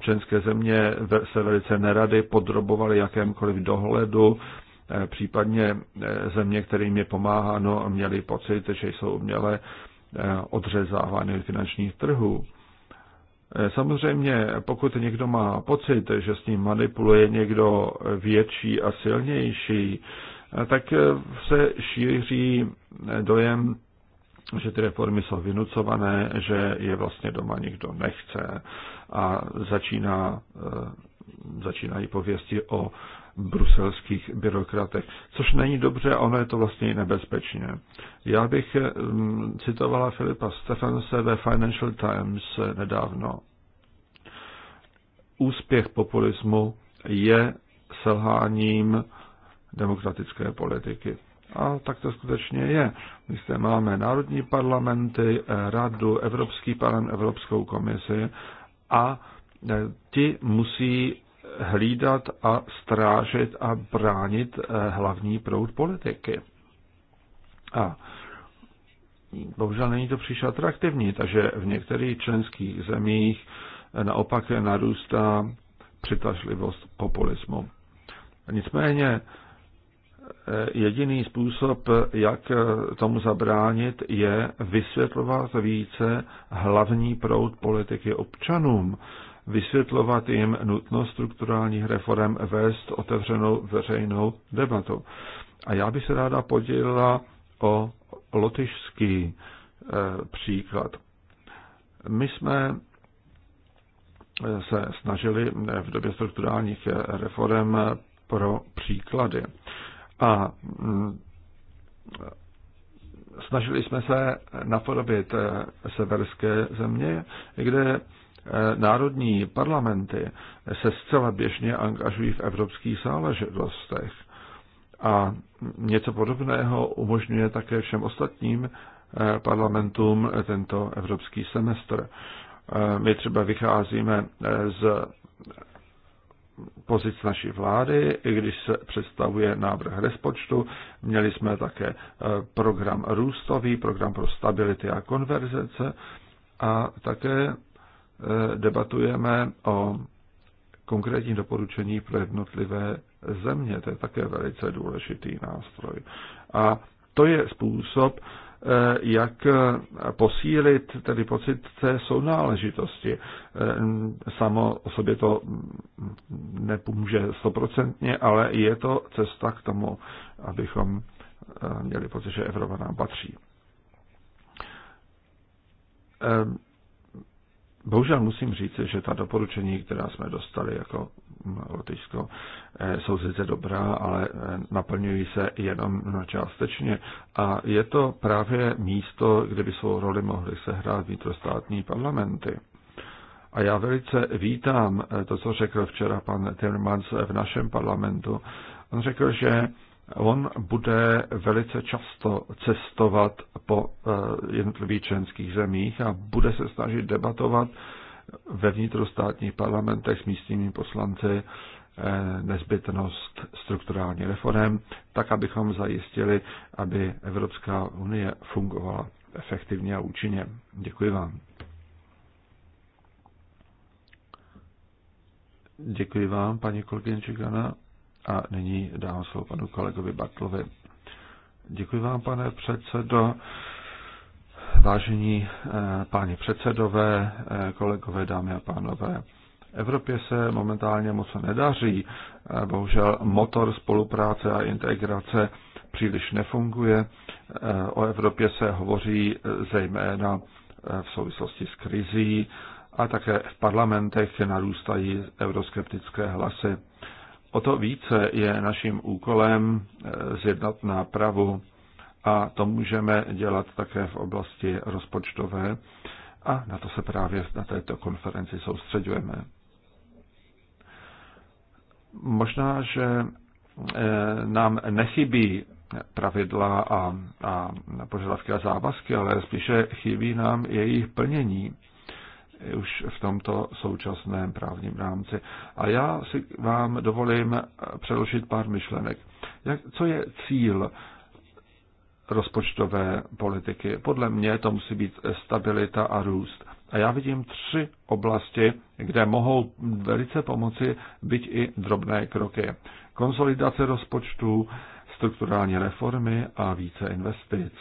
Členské země se velice nerady podrobovaly jakémkoliv dohledu, případně země, kterým je pomáháno, měli pocit, že jsou uměle odřezávány finančních trhů. Eh, samozřejmě, pokud někdo má pocit, že s ním manipuluje někdo větší a silnější, eh, tak eh, se šíří dojem, že ty reformy jsou vynucované, že je vlastně doma nikdo nechce a začíná, začínají pověsti o bruselských byrokratech, což není dobře a ono je to vlastně i nebezpečné. Já bych mm, citovala Filipa Stefanse ve Financial Times nedávno. Úspěch populismu je selháním demokratické politiky. A tak to skutečně je. My zde máme národní parlamenty, radu, Evropský parlament, Evropskou komisi a e, ti musí hlídat a strážit a bránit eh, hlavní proud politiky. A bohužel není to příliš atraktivní, takže v některých členských zemích naopak narůstá přitažlivost populismu. Nicméně eh, jediný způsob, jak eh, tomu zabránit, je vysvětlovat více hlavní proud politiky občanům vysvětlovat jim nutnost strukturálních reform vést otevřenou veřejnou debatu. A já bych se ráda podělila o lotyšský eh, příklad. My jsme eh, se snažili eh, v době strukturálních reform pro příklady. A mm, snažili jsme se napodobit severské země, kde Eh, národní parlamenty se zcela běžně angažují v evropských záležitostech. A něco podobného umožňuje také všem ostatním eh, parlamentům tento evropský semestr. Eh, my třeba vycházíme z pozic naší vlády, i když se představuje návrh rozpočtu. Měli jsme také program růstový, program pro stability a konverzece a také Eh, debatujeme o konkrétní doporučení pro jednotlivé země. To je také velice důležitý nástroj. A to je způsob, eh, jak posílit tedy pocit té sounáležitosti. Eh, samo o sobě to nepomůže stoprocentně, ale je to cesta k tomu, abychom měli pocit, že Evropa nám patří. Bohužel musím říct, že ta doporučení, která jsme dostali jako mm, Lotyšsko, eh, jsou sice dobrá, ale eh, naplňují se jenom částečně. A je to právě místo, kde by svou roli mohly sehrát vnitrostátní parlamenty. A já velice vítám eh, to, co řekl včera pan Timmermans v našem parlamentu. On řekl, že On bude velice často cestovat po eh, jednotlivých členských zemích a bude se snažit debatovat ve vnitrostátních parlamentech s místními poslanci eh, nezbytnost strukturální reform, tak abychom zajistili, aby Evropská unie fungovala efektivně a účinně. Děkuji vám. Děkuji vám, paní kolegyně Čigana. A nyní dám slovo panu kolegovi Bartlovi. Děkuji vám, pane předsedo. Vážení eh, páni předsedové, eh, kolegové, dámy a pánové, Evropě se momentálně moc nedaří. Eh, bohužel motor spolupráce a integrace příliš nefunguje. O Evropě se hovoří zejména v souvislosti s krizí a také v parlamentech narůstají euroskeptické hlasy. O to více je naším úkolem eh, zjednat nápravu a to můžeme dělat také v oblasti rozpočtové a na to se právě na této konferenci soustředujeme. Možná, že eh, nám nechybí pravidla a, a požadavky a závazky, ale spíše chybí nám jejich plnění už v tomto současném právním rámci. A já si vám dovolím přeložit pár myšlenek. Jak, co je cíl rozpočtové politiky? Podle mě to musí být stabilita a růst. A já vidím tři oblasti, kde mohou velice pomoci být i drobné kroky. Konsolidace rozpočtu, strukturální reformy a více investic.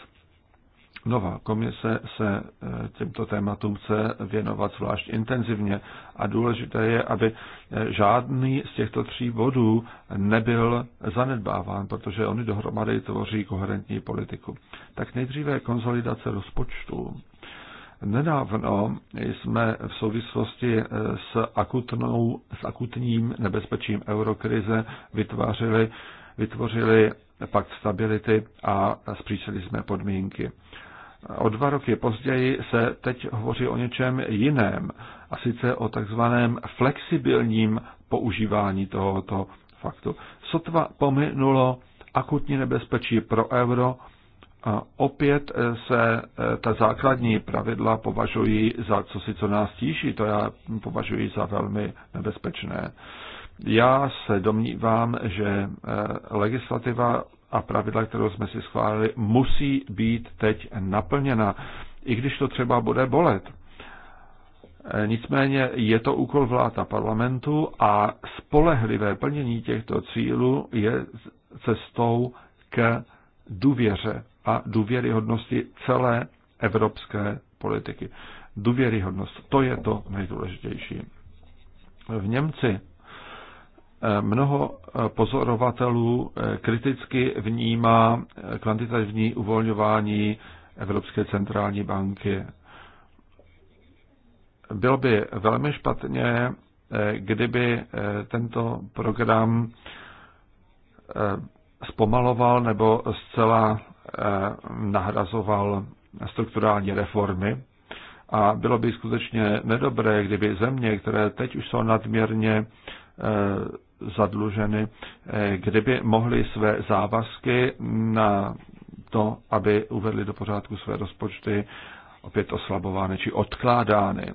Nová komise se eh, těmto tématům chce věnovat zvlášť intenzivně a důležité je, aby eh, žádný z těchto tří bodů nebyl zanedbáván, protože oni dohromady tvoří koherentní politiku. Tak nejdříve konsolidace rozpočtu. Nedávno jsme v souvislosti eh, s, akutnou, s akutním nebezpečím eurokrize vytvořili, vytvořili pakt stability a zpřísili jsme podmínky o dva roky později se teď hovoří o něčem jiném, a sice o takzvaném flexibilním používání tohoto faktu. Sotva pominulo akutní nebezpečí pro euro, a opět se eh, ta základní pravidla považují za co si co nás tíží, to já považuji za velmi nebezpečné. Já se domnívám, že eh, legislativa a pravidla, kterou jsme si schválili, musí být teď naplněna, i když to třeba bude bolet. E, nicméně je to úkol vláda a parlamentu a spolehlivé plnění těchto cílů je cestou k důvěře a důvěryhodnosti celé evropské politiky. Důvěryhodnost, to je to nejdůležitější. V Němci Mnoho eh, pozorovatelů eh, kriticky vnímá eh, kvantitativní uvolňování Evropské centrální banky. Bylo by velmi špatně, kdyby tento program zpomaloval nebo zcela nahrazoval strukturální reformy. A bylo by skutečně nedobré, kdyby země, které teď už jsou nadměrně zadluženy, eh, kdyby mohli své závazky na to, aby uvedli do pořádku své rozpočty, opět oslabovány či odkládány.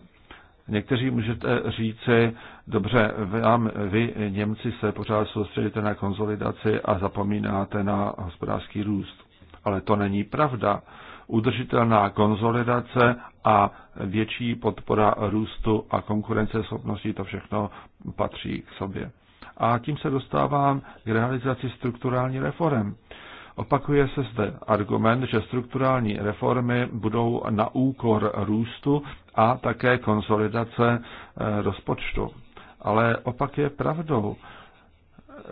Někteří můžete říci, dobře, vám, vy Němci se pořád soustředíte na konzolidaci a zapomínáte na hospodářský růst. Ale to není pravda. Udržitelná konzolidace a větší podpora růstu a konkurenceschopnosti, to všechno patří k sobě. A tím se dostávám k realizaci strukturální reform. Opakuje se zde argument, že strukturální reformy budou na úkor růstu a také konsolidace eh, rozpočtu. Ale opak je pravdou.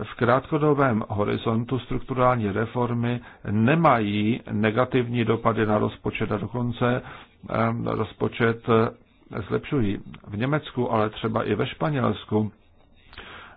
V krátkodobém horizontu strukturální reformy nemají negativní dopady na rozpočet a dokonce eh, rozpočet eh, zlepšují. V Německu, ale třeba i ve Španělsku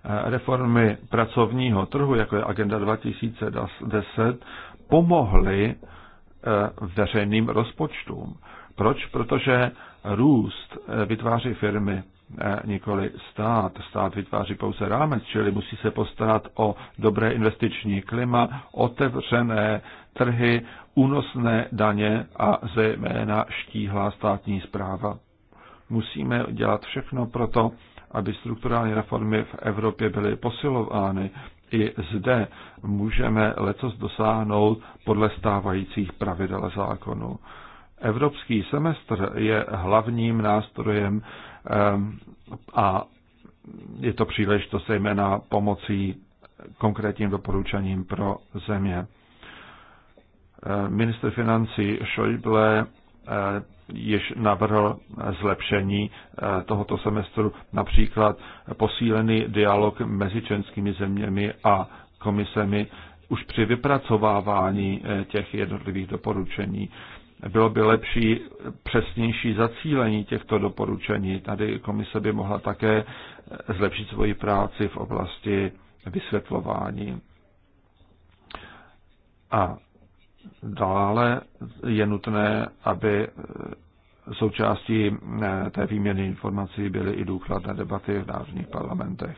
reformy pracovního trhu, jako je Agenda 2010, pomohly eh, veřejným rozpočtům. Proč? Protože růst eh, vytváří firmy, eh, nikoli stát. Stát vytváří pouze rámec, čili musí se postarat o dobré investiční klima, otevřené trhy, únosné daně a zejména štíhlá státní zpráva. Musíme dělat všechno pro to, aby strukturální reformy v Evropě byly posilovány, i zde můžeme letos dosáhnout podle stávajících pravidel a zákonů. Evropský semestr je hlavním nástrojem ehm, a je to příležitost zejména pomocí konkrétním doporučením pro země. Ehm, Minister financí Schäuble ehm, již navrhl zlepšení eh, tohoto semestru, například posílený dialog mezi členskými zeměmi a komisemi už při vypracovávání eh, těch jednotlivých doporučení. Bylo by lepší přesnější zacílení těchto doporučení. Tady komise by mohla také eh, zlepšit svoji práci v oblasti vysvětlování. A Dále je nutné, aby součástí eh, té výměny informací byly i důkladné debaty v národních parlamentech.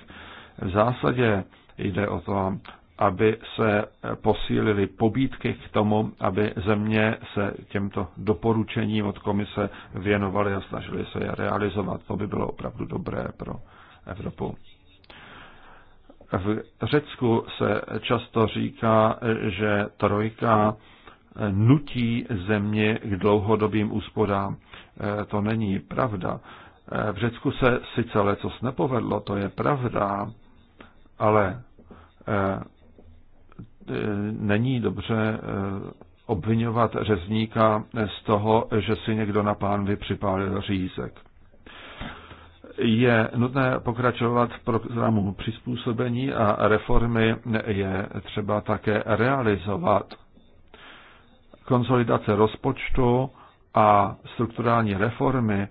V zásadě jde o to, aby se posílily pobídky k tomu, aby země se těmto doporučením od komise věnovaly a snažily se je realizovat. To by bylo opravdu dobré pro Evropu. V Řecku se často říká, že trojka nutí země k dlouhodobým úsporám. Eh, to není pravda. Eh, v Řecku se sice lecos nepovedlo, to je pravda, ale eh, není dobře obvinovat řezníka z toho, že si někdo na pánvi připálil řízek. Je nutné pokračovat v programu přizpůsobení a reformy je třeba také realizovat konsolidace rozpočtu a strukturální reformy,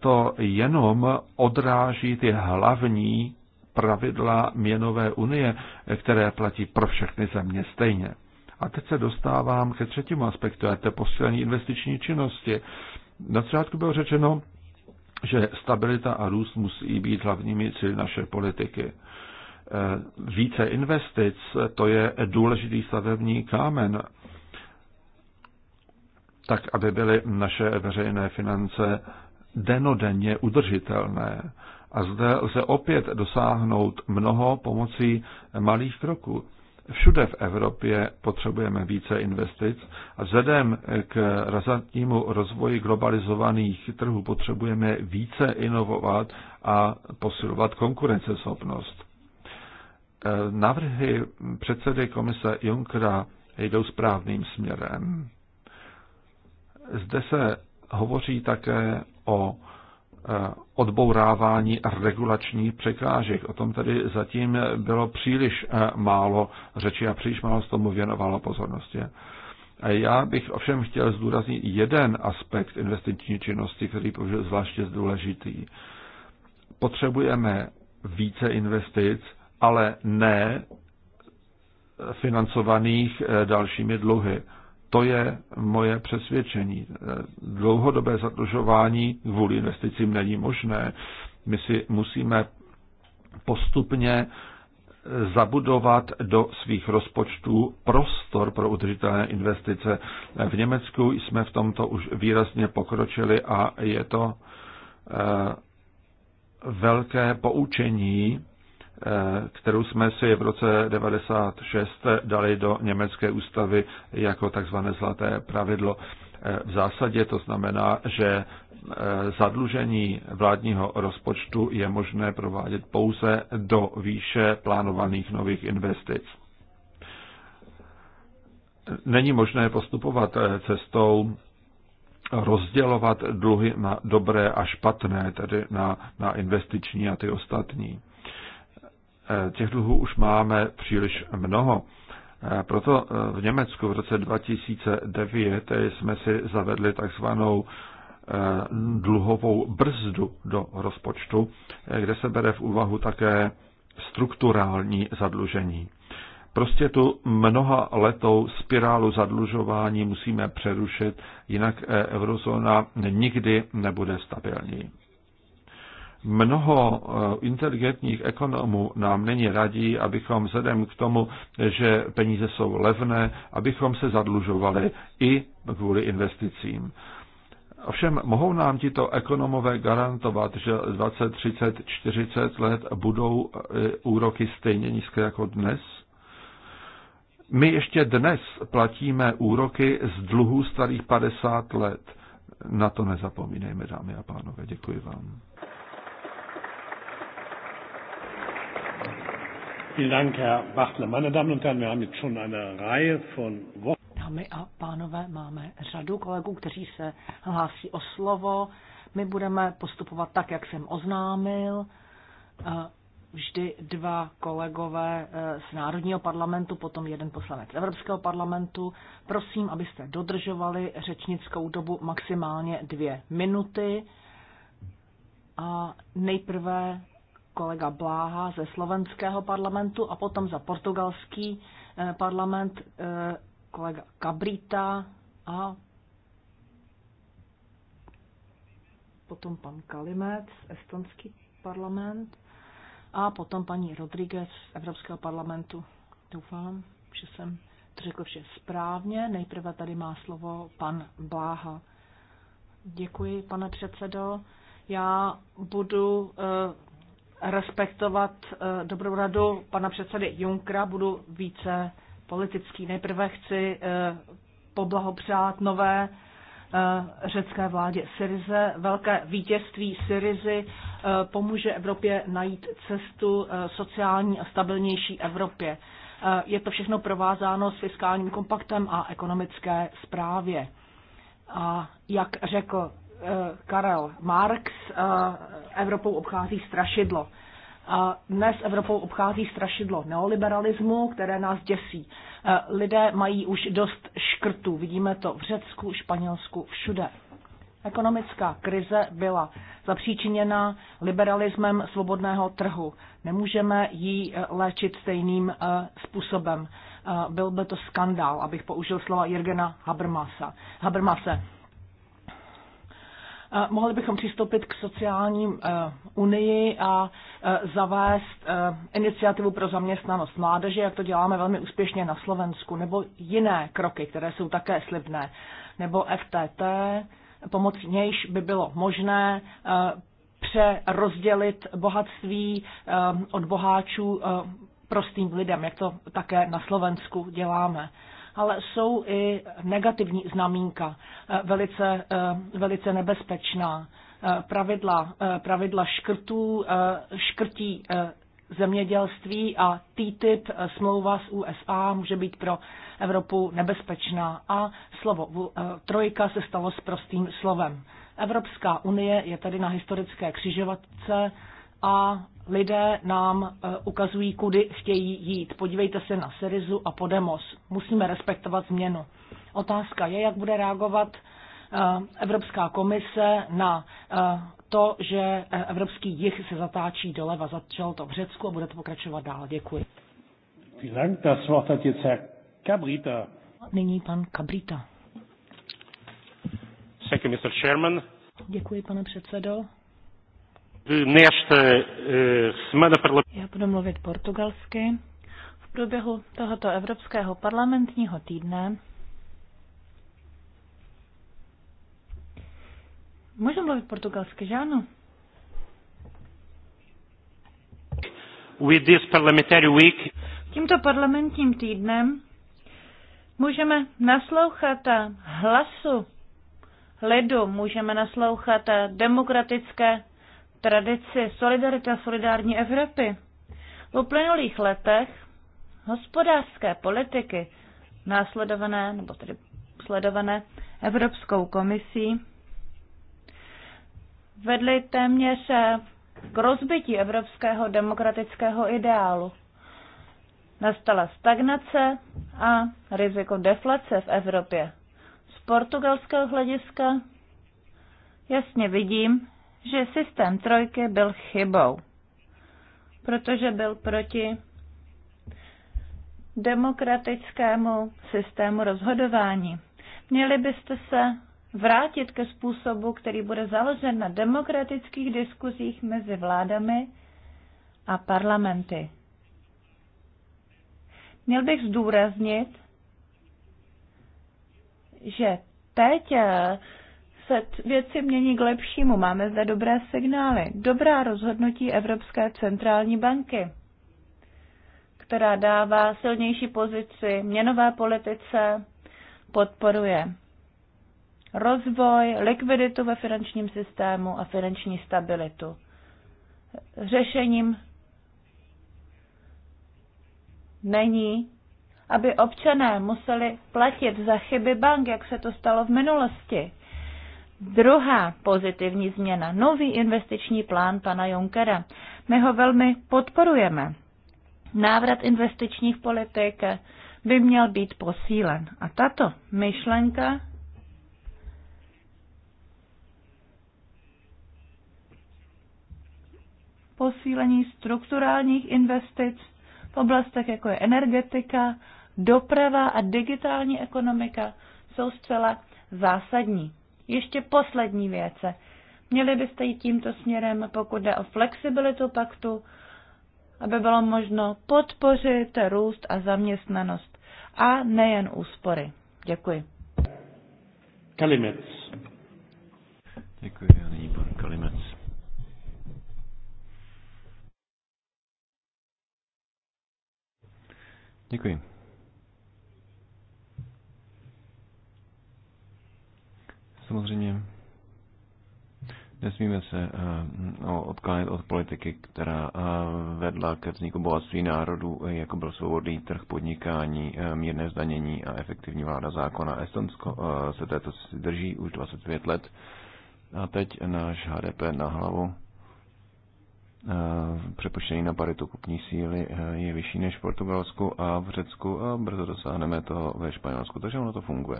to jenom odráží ty hlavní pravidla měnové unie, které platí pro všechny země stejně. A teď se dostávám ke třetímu aspektu, a to je posílení investiční činnosti. Na začátku bylo řečeno, že stabilita a růst musí být hlavními cíly naše politiky. E, více investic, to je důležitý stavební kámen tak aby byly naše veřejné finance denodenně udržitelné. A zde lze opět dosáhnout mnoho pomocí malých kroků. Všude v Evropě potřebujeme více investic a vzhledem k razantnímu rozvoji globalizovaných trhů potřebujeme více inovovat a posilovat konkurenceschopnost. Návrhy předsedy komise Junckera jdou správným směrem. Zde se hovoří také o eh, odbourávání regulačních překážek. O tom tedy zatím bylo příliš eh, málo řeči a příliš málo z tomu věnovalo pozornosti. Já bych ovšem chtěl zdůraznit jeden aspekt investiční činnosti, který je zvláště důležitý. Potřebujeme více investic, ale ne financovaných eh, dalšími dluhy. To je moje přesvědčení. Eh, dlouhodobé zadlužování kvůli investicím není možné. My si musíme postupně eh, zabudovat do svých rozpočtů prostor pro udržitelné investice. V Německu jsme v tomto už výrazně pokročili a je to eh, velké poučení Eh, kterou jsme si v roce 96 dali do německé ústavy jako takzvané zlaté pravidlo. Eh, v zásadě to znamená, že eh, zadlužení vládního rozpočtu je možné provádět pouze do výše plánovaných nových investic. Není možné postupovat cestou rozdělovat dluhy na dobré a špatné, tedy na, na investiční a ty ostatní. Eh, těch dluhů už máme příliš mnoho. Eh, proto eh, v Německu v roce 2009 jsme si zavedli takzvanou dluhovou brzdu do rozpočtu, kde se bere v úvahu také strukturální zadlužení. Prostě tu mnoha letou spirálu zadlužování musíme přerušit, jinak eurozóna nikdy nebude stabilní. Mnoho eh, inteligentních ekonomů nám není radí, abychom vzhledem k tomu, že peníze jsou levné, abychom se zadlužovali i kvůli investicím. Ovšem mohou nám tito ekonomové garantovat, že 20, 30, 40 let budou eh, úroky stejně nízké jako dnes? My ještě dnes platíme úroky z dluhů starých 50 let. Na to nezapomínejme, dámy a pánové. Děkuji vám. Vielen Dank, Herr Meine Damen und Herren, wir haben jetzt schon eine Reihe von Dámy a pánové, máme řadu kolegů, kteří se hlásí o slovo. My budeme postupovat tak, jak jsem oznámil. Eh, vždy dva kolegové eh, z Národního parlamentu, potom jeden poslanec Evropského parlamentu. Prosím, abyste dodržovali řečnickou dobu maximálně dvě minuty. A nejprve kolega Bláha ze slovenského parlamentu a potom za portugalský eh, parlament eh, kolega Cabrita a potom pan Kalimec, estonský parlament a potom paní Rodriguez z Evropského parlamentu. Doufám, že jsem to řekl vše správně. Nejprve tady má slovo pan Bláha. Děkuji, pane předsedo. Já budu eh, respektovat eh, dobrou radu pana předsedy Junkra, budu více politický. Nejprve chci eh, poblahopřát nové eh, řecké vládě Syrize. Velké vítězství Syrizy pomůže Evropě najít cestu sociální a stabilnější Evropě. Je to všechno provázáno s fiskálním kompaktem a ekonomické zprávě. A jak řekl Eh, Karel Marx eh, Evropou obchází strašidlo. A eh, dnes Evropou obchází strašidlo neoliberalismu, které nás děsí. Lidé mají už dost škrtů. Vidíme to v Řecku, Španělsku, všude. Ekonomická krize byla zapříčiněna liberalismem svobodného trhu. Nemůžeme ji léčit stejným způsobem. Byl by to skandál, abych použil slova Jirgena Habermasa. Habermase. Eh, mohli bychom přistoupit k sociální eh, unii a eh, zavést iniciativu pro zaměstnanost mládeže, jak to děláme velmi úspěšně na Slovensku, nebo jiné kroky, které jsou také slibné, nebo FTT, pomocí nějž by bylo možné přerozdělit bohatství od boháčů prostým lidem, jak to také na Slovensku děláme ale jsou i negativní znamínka, eh, velice, eh, velice nebezpečná. Eh, pravidla, pravidla škrtů, škrtí zemědělství a TTIP smlouva s USA může být pro Evropu nebezpečná a slovo trojka se stalo s prostým slovem. Evropská unie je tady na historické křižovatce a lidé nám eh, ukazují, kudy chtějí jít. Podívejte se na Syrizu a Podemos. Musíme respektovat změnu. Otázka je, jak bude reagovat eh, Evropská komise na eh, to, že evropský jich se zatáčí doleva. Začalo to v Řecku a bude to pokračovat dál. Děkuji. Nyní pan Cabrita. Děkuji, pane předsedo. Nesta semana eh, Já budu mluvit portugalsky. V průběhu tohoto Evropského parlamentního týdne Můžu mluvit portugalsky, že ano? With this parliamentary week. Tímto parlamentním týdnem můžeme naslouchat hlasu lidu, můžeme naslouchat demokratické tradici solidarity a solidární Evropy. V uplynulých letech hospodářské politiky následované, nebo tedy sledované Evropskou komisí, vedly téměř k rozbití evropského demokratického ideálu. Nastala stagnace a riziko deflace v Evropě. Z portugalského hlediska jasně vidím, že systém trojky byl chybou, protože byl proti demokratickému systému rozhodování. Měli byste se vrátit ke způsobu, který bude založen na demokratických diskuzích mezi vládami a parlamenty. Měl bych zdůraznit, že teď eh, se věci mění k lepšímu. Máme zde dobré signály, dobrá rozhodnutí Evropské centrální banky, která dává silnější pozici měnové politice, podporuje rozvoj, likviditu ve finančním systému a finanční stabilitu. Řešením není, aby občané museli platit za chyby bank, jak se to stalo v minulosti. Druhá pozitivní změna, nový investiční plán pana Junckera. My ho velmi podporujeme. Návrat investičních politik by měl být posílen. A tato myšlenka posílení strukturálních investic v oblastech jako je energetika, doprava a digitální ekonomika jsou zcela zásadní. Ještě poslední věc. Měli byste jít tímto směrem, pokud jde o flexibilitu paktu, aby bylo možno podpořit růst a zaměstnanost a nejen úspory. Děkuji. Kalimec. Děkuji a nyní pan Kalimec. Děkuji. samozřejmě nesmíme se eh, no, odklánět od politiky, která eh, vedla ke vzniku bohatství národů, eh, jako byl svobodný trh podnikání, mírné zdanění a efektivní vláda zákona. Estonsko se této drží už 25 let a teď náš HDP na hlavu přepočtení na paritu kupní síly je vyšší než v Portugalsku a v Řecku a brzo dosáhneme toho ve Španělsku, takže ono to funguje.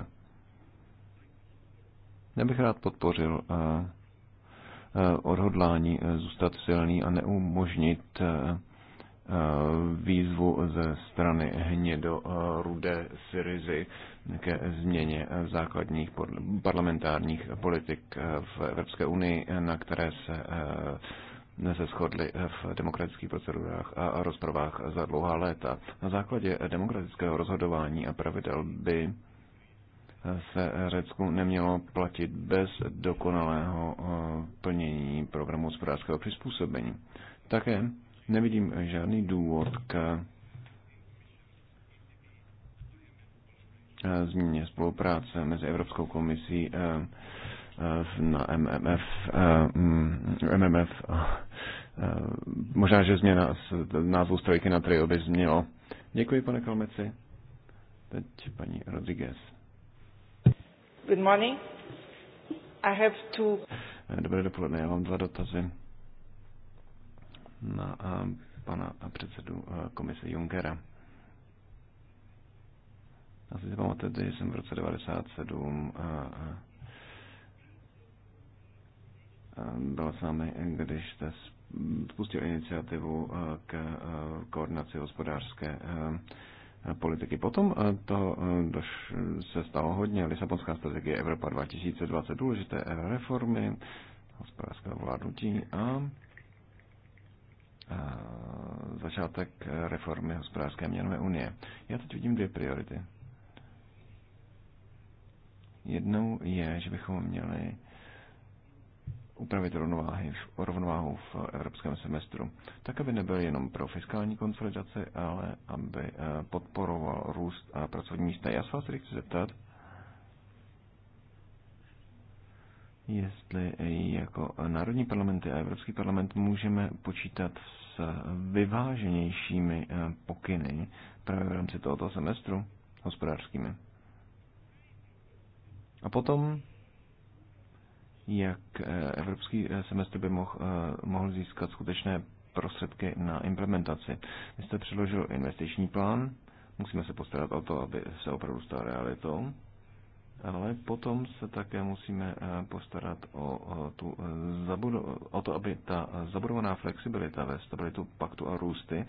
Já bych rád podpořil eh, eh, odhodlání eh, zůstat silný a neumožnit výzvu ze strany hnědo rudé Syrizy ke změně základních parlamentárních politik v Evropské unii, na které se se shodli v demokratických procedurách a rozprovách za dlouhá léta. Na základě demokratického rozhodování a pravidel by se Řecku nemělo platit bez dokonalého eh, plnění programu hospodářského přizpůsobení. Také nevidím žádný důvod k eh, změně spolupráce mezi Evropskou komisí eh, na MMF, MMF možná, že změna názvu strojky na trio by změnilo. Děkuji, pane Kalmeci. Teď paní Rodriguez. Good morning. I have two... Dobré dopoledne, já mám dva dotazy na eh, pana předsedu eh, komise Junckera. Asi si pamatujete, že jsem v roce 97 uh, uh, byl s námi, když jste spustil iniciativu eh, k koordinaci hospodářské uh, politiky. Potom eh, to eh, doš, se stalo hodně. Lisabonská strategie Evropa 2020, důležité reformy, hospodářského vládnutí a eh, začátek reformy hospodářské měnové unie. Já teď vidím dvě priority. Jednou je, že bychom měli upravit rovnováhy, rovnováhu v evropském semestru, tak aby nebyl jenom pro fiskální konsolidaci, ale aby eh, podporoval růst a pracovní místa. Já se vás tedy chci zeptat, jestli jako národní parlamenty a Evropský parlament můžeme počítat s vyváženějšími eh, pokyny právě v rámci tohoto semestru hospodářskými. A potom jak eh, evropský eh, semestr by mohl, eh, mohl získat skutečné prostředky na implementaci. Vy jste předložil investiční plán, musíme se postarat o to, aby se opravdu stal realitou, ale potom se také musíme postarat o, tu, o to, aby ta zabudovaná flexibilita ve stabilitu paktu a růsty,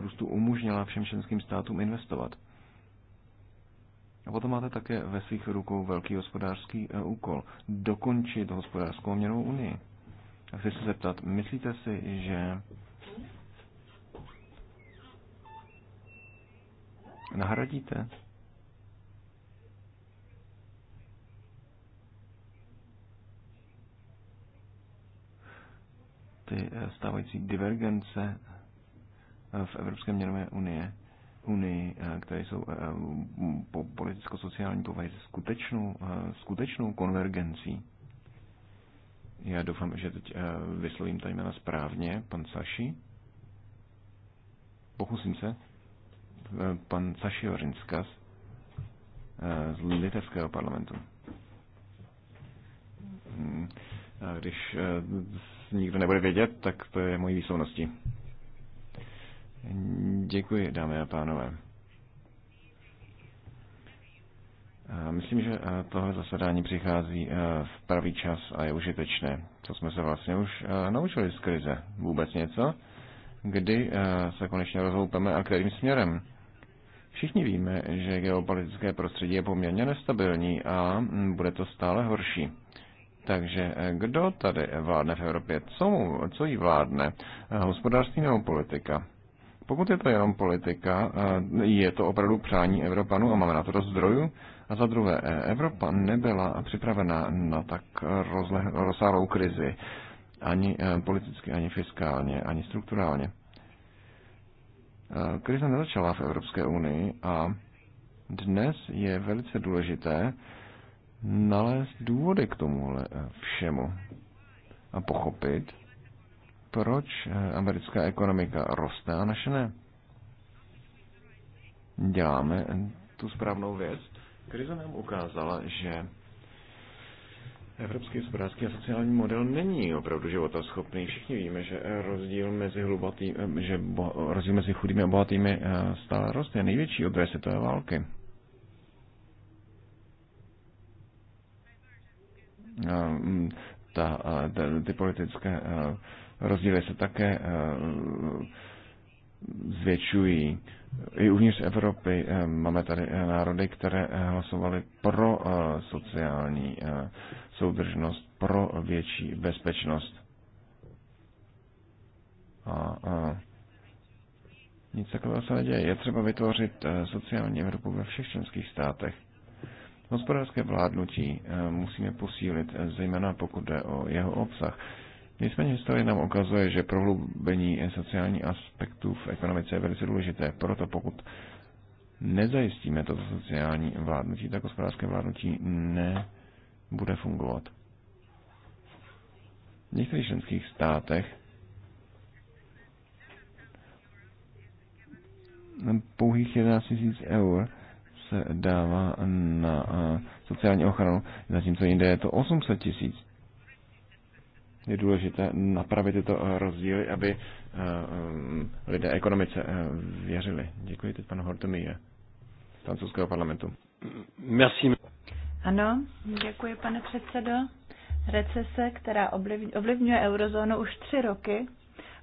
růstu umožnila všem členským státům investovat. A potom máte také ve svých rukou velký hospodářský eh, úkol dokončit hospodářskou měnovou unii. A chci se zeptat, myslíte si, že nahradíte ty eh, stávající divergence eh, v Evropské měnové unie unii, eh, které jsou eh, po politicko-sociální povahy skutečnou, eh, skutečnou konvergencí. Já doufám, že teď vyslovím ta jména správně. Pan Saši. Pokusím se. Pan Saši Orinskas z litevského parlamentu. Hmm. Když nikdo nebude vědět, tak to je mojí výslovností. Děkuji, dámy a pánové. Myslím, že tohle zasedání přichází v pravý čas a je užitečné. Co jsme se vlastně už naučili z krize? Vůbec něco? Kdy se konečně rozhoupeme a kterým směrem? Všichni víme, že geopolitické prostředí je poměrně nestabilní a bude to stále horší. Takže kdo tady vládne v Evropě? Co, co jí vládne? Hospodářství nebo politika? Pokud je to jenom politika, eh, je to opravdu přání Evropanů a máme na to dost zdrojů. A za druhé, eh, Evropa nebyla připravena na tak rozsáhlou krizi, ani eh, politicky, ani fiskálně, ani strukturálně. Krize nezačala v Evropské unii a dnes je velice důležité nalézt důvody k tomuhle všemu a pochopit, proč eh, americká ekonomika roste a naše ne. Děláme eh, tu správnou věc. Krize nám ukázala, že Evropský hospodářský a sociální model není opravdu životaschopný. Všichni víme, že eh, rozdíl mezi, hlubatý, že bo, rozdíl mezi chudými a bohatými stále roste. Největší od druhé světové války. Mm, ta, ta, ty politické Rozdíly se také eh, zvětšují. I uvnitř Evropy eh, máme tady eh, národy, které hlasovaly pro sociální soudržnost, pro větší bezpečnost. A, a nic takového se neděje. Je třeba vytvořit sociální Evropu ve všech členských státech. Hospodářské vládnutí musíme posílit, zejména pokud jde o jeho obsah. Nicméně historie nám ukazuje, že prohlubení sociální aspektů v ekonomice je velice důležité. Proto pokud nezajistíme toto sociální vládnutí, tak hospodářské vládnutí nebude fungovat. V některých členských státech pouhých 11 tisíc eur se dává na eh, sociální ochranu, zatímco jinde je to 800 tisíc je důležité napravit tyto eh, rozdíly, aby eh, eh, lidé ekonomice věřili. Děkuji teď panu Hortomíje z francouzského parlamentu. Merci. Ano, děkuji pane předsedo. Recese, která ovlivňuje eurozónu už tři roky,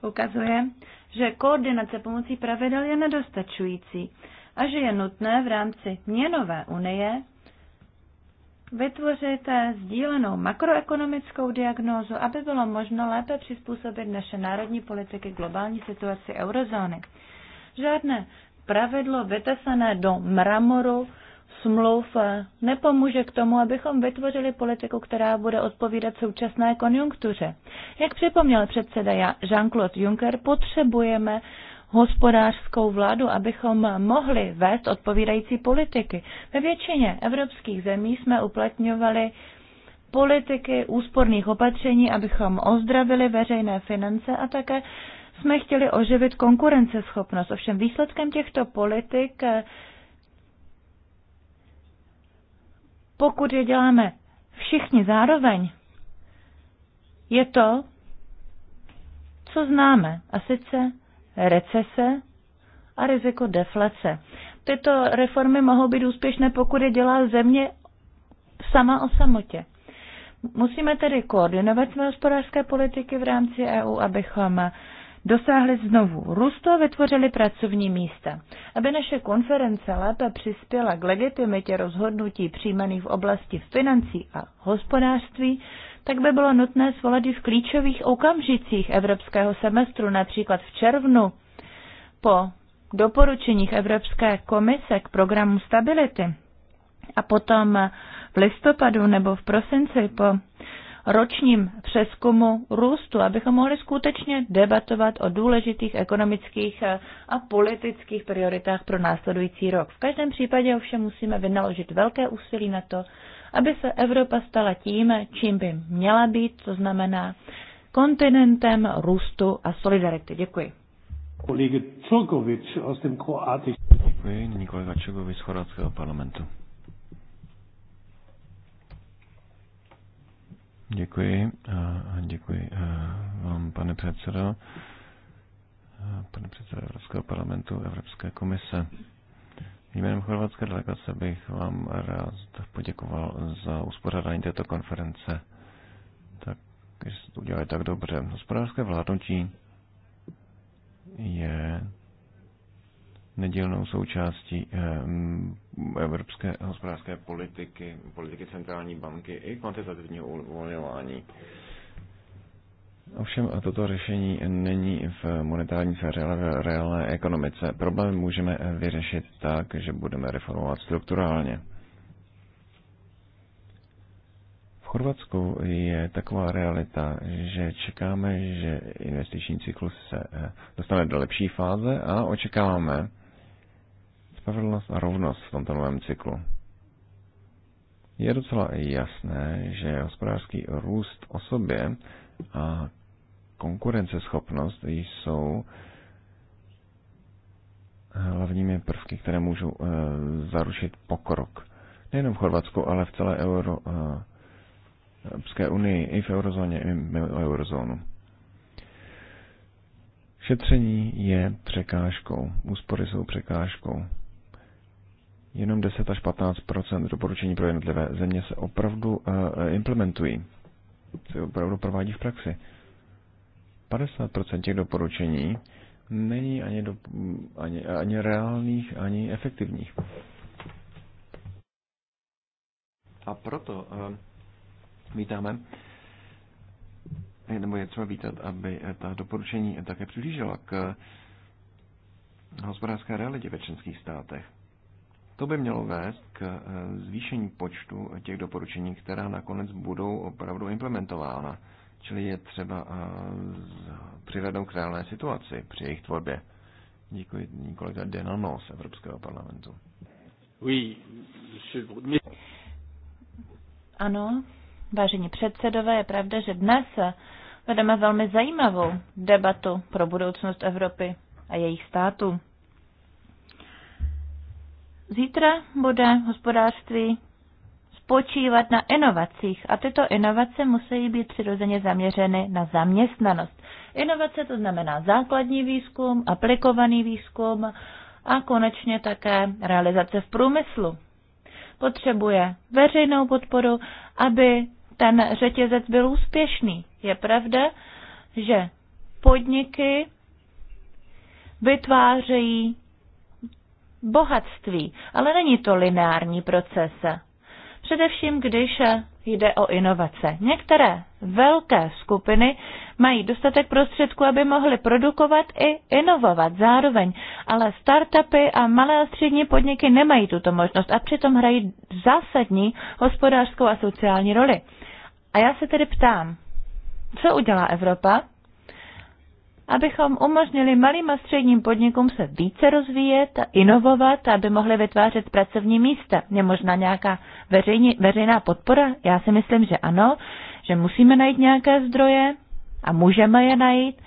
ukazuje, že koordinace pomocí pravidel je nedostačující a že je nutné v rámci měnové unie vytvořit eh, sdílenou makroekonomickou diagnózu, aby bylo možno lépe přizpůsobit naše národní politiky globální situaci eurozóny. Žádné pravidlo vytesané do mramoru smluv eh, nepomůže k tomu, abychom vytvořili politiku, která bude odpovídat současné konjunktuře. Jak připomněl předseda Jean-Claude Juncker, potřebujeme hospodářskou vládu, abychom mohli vést odpovídající politiky. Ve většině evropských zemí jsme uplatňovali politiky úsporných opatření, abychom ozdravili veřejné finance a také jsme chtěli oživit konkurenceschopnost. Ovšem výsledkem těchto politik, eh, pokud je děláme všichni zároveň, je to, co známe, a sice recese a riziko deflace. Tyto reformy mohou být úspěšné, pokud je dělá země sama o samotě. Musíme tedy koordinovat své hospodářské politiky v rámci EU, abychom dosáhli znovu růstu a vytvořili pracovní místa. Aby naše konference lépe přispěla k legitimitě rozhodnutí přijímaných v oblasti financí a hospodářství, tak by bylo nutné svolat i v klíčových okamžicích evropského semestru, například v červnu, po doporučeních Evropské komise k programu stability a potom v listopadu nebo v prosinci po ročním přeskumu růstu, abychom mohli skutečně debatovat o důležitých ekonomických a politických prioritách pro následující rok. V každém případě ovšem musíme vynaložit velké úsilí na to, aby se Evropa stala tím, čím by měla být, co znamená kontinentem růstu a solidarity. Děkuji. Děkuji, nyní kolega Čokovič z chorvatského parlamentu. Děkuji a děkuji vám, pane předsedo, pane předsedo Evropského parlamentu, Evropské komise. Jménem chorvatské delegace bych vám rád poděkoval za uspořádání této konference. Tak, když jste to udělali tak dobře. Hospodářské vládnutí je nedílnou součástí eh, evropské hospodářské politiky, politiky centrální banky i kvantitativního uvolňování. Ovšem toto řešení není v monetární sféře, ale v reálné ekonomice. Problém můžeme vyřešit tak, že budeme reformovat strukturálně. V Chorvatsku je taková realita, že čekáme, že investiční cyklus se eh, dostane do lepší fáze a očekáváme spravedlnost a rovnost v tomto novém cyklu. Je docela jasné, že hospodářský růst o sobě a konkurenceschopnost jsou hlavními prvky, které můžou eh, zarušit pokrok. Nejenom v Chorvatsku, ale v celé euro, eh, Evropské unii, i v eurozóně, i mimo eurozónu. Šetření je překážkou, úspory jsou překážkou. Jenom 10 až 15 doporučení pro jednotlivé země se opravdu eh, implementují, se opravdu provádí v praxi. 50% těch doporučení není ani, do, ani, ani reálných, ani efektivních. A proto uh, vítáme, nebo je třeba vítat, aby ta doporučení také přiblížila k hospodářské realitě ve členských státech. To by mělo vést k eh, zvýšení počtu těch doporučení, která nakonec budou opravdu implementována. Čili je třeba eh, přihlednout k reálné situaci při jejich tvorbě. Děkuji kolega Denano z Evropského parlamentu. Oui, ano, vážení předsedové, je pravda, že dnes vedeme velmi zajímavou debatu pro budoucnost Evropy a jejich států. Zítra bude hospodářství spočívat na inovacích a tyto inovace musí být přirozeně zaměřeny na zaměstnanost. Inovace to znamená základní výzkum, aplikovaný výzkum a konečně také realizace v průmyslu. Potřebuje veřejnou podporu, aby ten řetězec byl úspěšný. Je pravda, že podniky vytvářejí bohatství, ale není to lineární proces. Především, když jde o inovace. Některé velké skupiny mají dostatek prostředků, aby mohly produkovat i inovovat zároveň, ale startupy a malé a střední podniky nemají tuto možnost a přitom hrají zásadní hospodářskou a sociální roli. A já se tedy ptám, co udělá Evropa, abychom umožnili malým a středním podnikům se více rozvíjet a inovovat, aby mohli vytvářet pracovní místa. Je možná nějaká veřejně, veřejná podpora? Já si myslím, že ano, že musíme najít nějaké zdroje a můžeme je najít.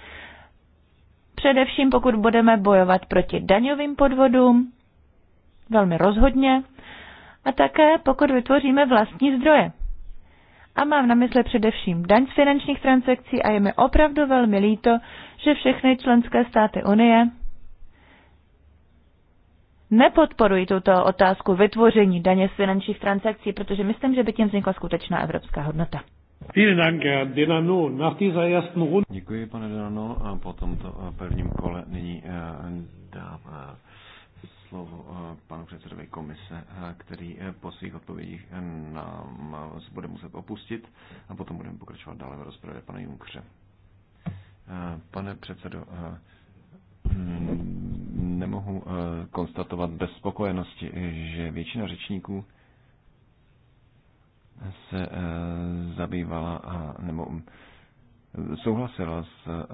Především pokud budeme bojovat proti daňovým podvodům, velmi rozhodně, a také pokud vytvoříme vlastní zdroje a mám na mysli především daň z finančních transakcí a je mi opravdu velmi líto, že všechny členské státy Unie nepodporují tuto otázku vytvoření daně z finančních transakcí, protože myslím, že by tím vznikla skutečná evropská hodnota. Děkuji, pane Denano. A po tomto eh, prvním kole nyní eh, dám eh, slovo eh, panu předsedovi komise, eh, který eh, po svých odpovědích nám bude muset opustit a potom budeme pokračovat dále v rozpravě pana Junkře. Pane předsedo, mm, nemohu konstatovat bez spokojenosti, že většina řečníků se zabývala nebo mm, souhlasila s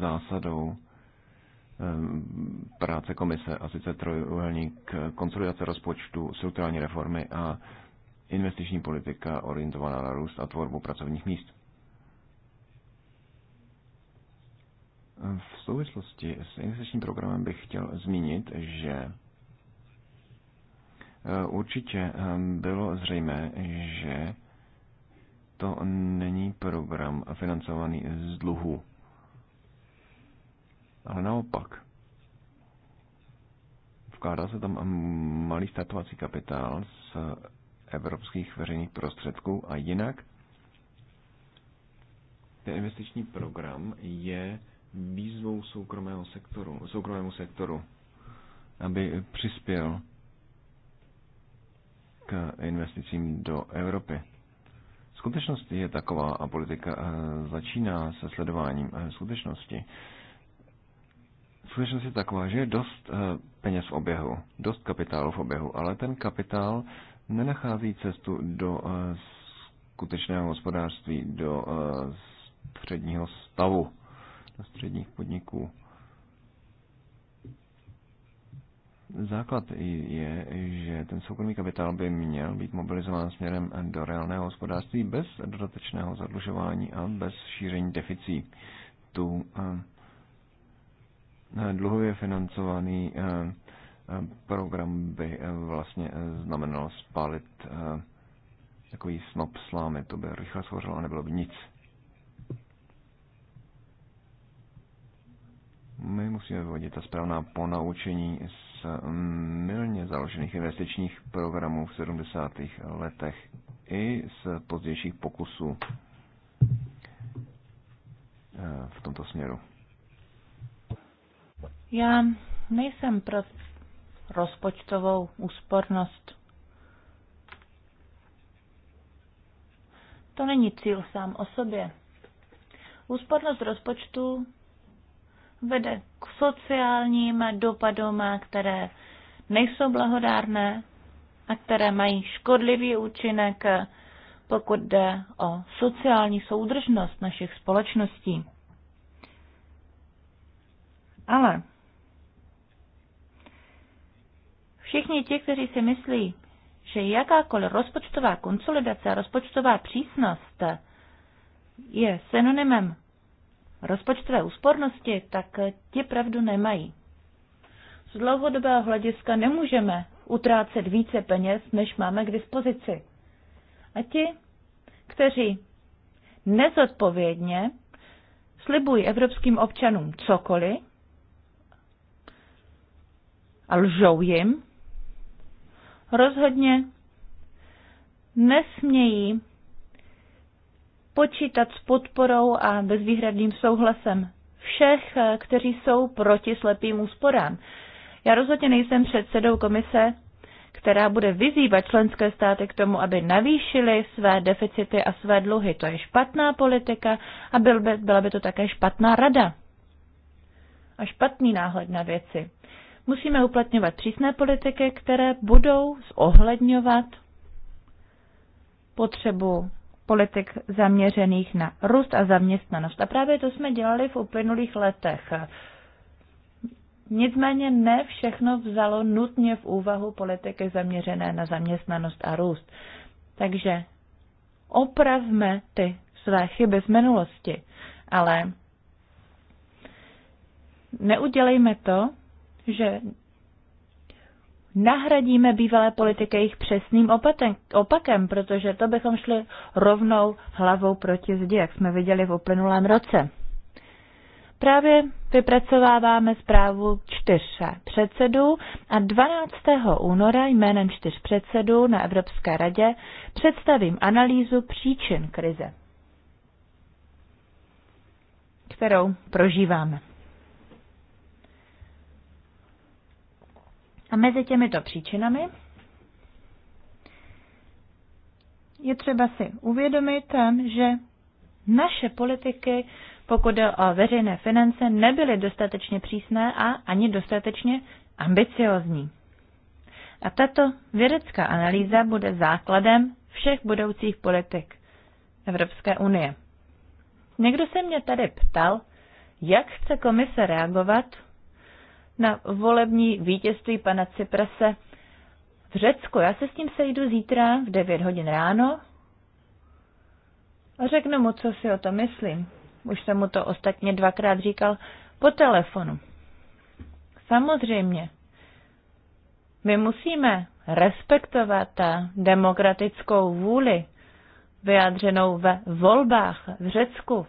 zásadou Ehm, práce komise, a sice trojuhelník konsolidace rozpočtu, strukturální reformy a investiční politika orientovaná na růst a tvorbu pracovních míst. Ehm, v souvislosti s investičním programem bych chtěl zmínit, že ehm, určitě bylo zřejmé, že to není program financovaný z dluhu ale naopak. Vkládá se tam malý startovací kapitál z evropských veřejných prostředků a jinak ten investiční program je výzvou soukromého sektoru, soukromému sektoru, aby přispěl k investicím do Evropy. Skutečnost je taková a politika eh, začíná se sledováním eh, skutečnosti skutečnost je taková, že je dost eh, peněz v oběhu, dost kapitálu v oběhu, ale ten kapitál nenachází cestu do eh, skutečného hospodářství, do eh, středního stavu, do středních podniků. Základ je, že ten soukromý kapitál by měl být mobilizován směrem do reálného hospodářství bez dodatečného zadlužování a bez šíření deficí. deficitů. Eh, dluhově financovaný eh, eh, program by vlastně znamenal spálit takový snop slámy, to by rychle svořilo a nebylo by nic. My musíme vyvodit ta správná ponaučení z milně mm, založených investičních programů v 70. letech i z pozdějších pokusů v tomto směru. Já nejsem pro rozpočtovou úspornost. To není cíl sám o sobě. Úspornost rozpočtu vede k sociálním dopadům, které nejsou blahodárné a které mají škodlivý účinek, pokud jde o sociální soudržnost našich společností. Ale Všichni ti, kteří si myslí, že jakákoliv rozpočtová konsolidace a rozpočtová přísnost je synonymem rozpočtové úspornosti, tak ti pravdu nemají. Z dlouhodobého hlediska nemůžeme utrácet více peněz, než máme k dispozici. A ti, kteří nezodpovědně slibují evropským občanům cokoliv a lžou jim, rozhodně nesmějí počítat s podporou a bezvýhradným souhlasem všech, eh, kteří jsou proti slepým úsporám. Já rozhodně nejsem předsedou komise, která bude vyzývat členské státy k tomu, aby navýšily své deficity a své dluhy. To je špatná politika a byl by, byla by to také špatná rada a špatný náhled na věci. Musíme uplatňovat přísné politiky, které budou zohledňovat potřebu politik zaměřených na růst a zaměstnanost. A právě to jsme dělali v uplynulých letech. Nicméně ne všechno vzalo nutně v úvahu politiky zaměřené na zaměstnanost a růst. Takže opravme ty své chyby z minulosti, ale neudělejme to, že nahradíme bývalé politiky jejich přesným opakem, protože to bychom šli rovnou hlavou proti zdi, jak jsme viděli v uplynulém roce. Právě vypracováváme zprávu čtyř předsedů a 12. února jménem čtyř předsedů na Evropské radě představím analýzu příčin krize, kterou prožíváme. A mezi těmito příčinami je třeba si uvědomit, že naše politiky, pokud jde o veřejné finance, nebyly dostatečně přísné a ani dostatečně ambiciozní. A tato vědecká analýza bude základem všech budoucích politik Evropské unie. Někdo se mě tady ptal, jak chce komise reagovat na volební vítězství pana Ciprase v Řecku. Já se s ním sejdu zítra v 9 hodin ráno a řeknu mu, co si o to myslím. Už jsem mu to ostatně dvakrát říkal po telefonu. Samozřejmě, my musíme respektovat ta demokratickou vůli vyjádřenou ve volbách v Řecku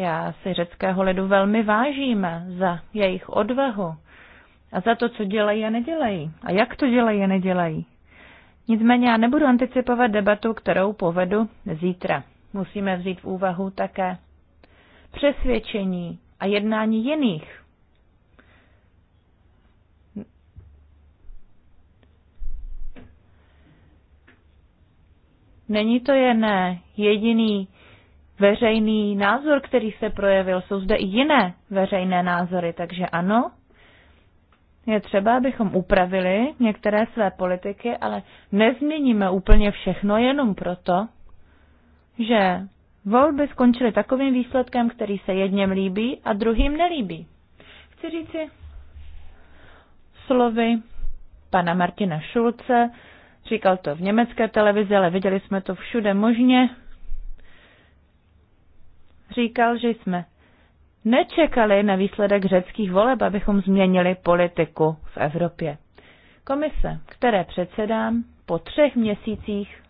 já si řeckého lidu velmi vážím za jejich odvahu a za to, co dělají a nedělají. A jak to dělají a nedělají. Nicméně já nebudu anticipovat debatu, kterou povedu zítra. Musíme vzít v úvahu také přesvědčení a jednání jiných. Není to jen jediný veřejný názor, který se projevil. Jsou zde i jiné veřejné názory, takže ano, je třeba, abychom upravili některé své politiky, ale nezměníme úplně všechno jenom proto, že volby skončily takovým výsledkem, který se jedněm líbí a druhým nelíbí. Chci říci slovy pana Martina Šulce, říkal to v německé televizi, ale viděli jsme to všude možně říkal, že jsme nečekali na výsledek řeckých voleb, abychom změnili politiku v Evropě. Komise, které předsedám, po třech měsících,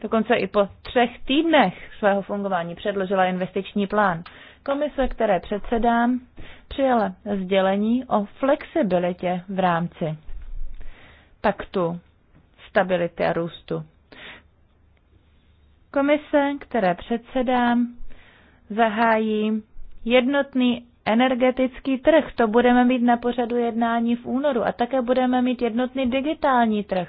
dokonce i po třech týdnech svého fungování předložila investiční plán. Komise, které předsedám, přijala sdělení o flexibilitě v rámci paktu stability a růstu. Komise, které předsedám, zahájí jednotný energetický trh. To budeme mít na pořadu jednání v únoru a také budeme mít jednotný digitální trh.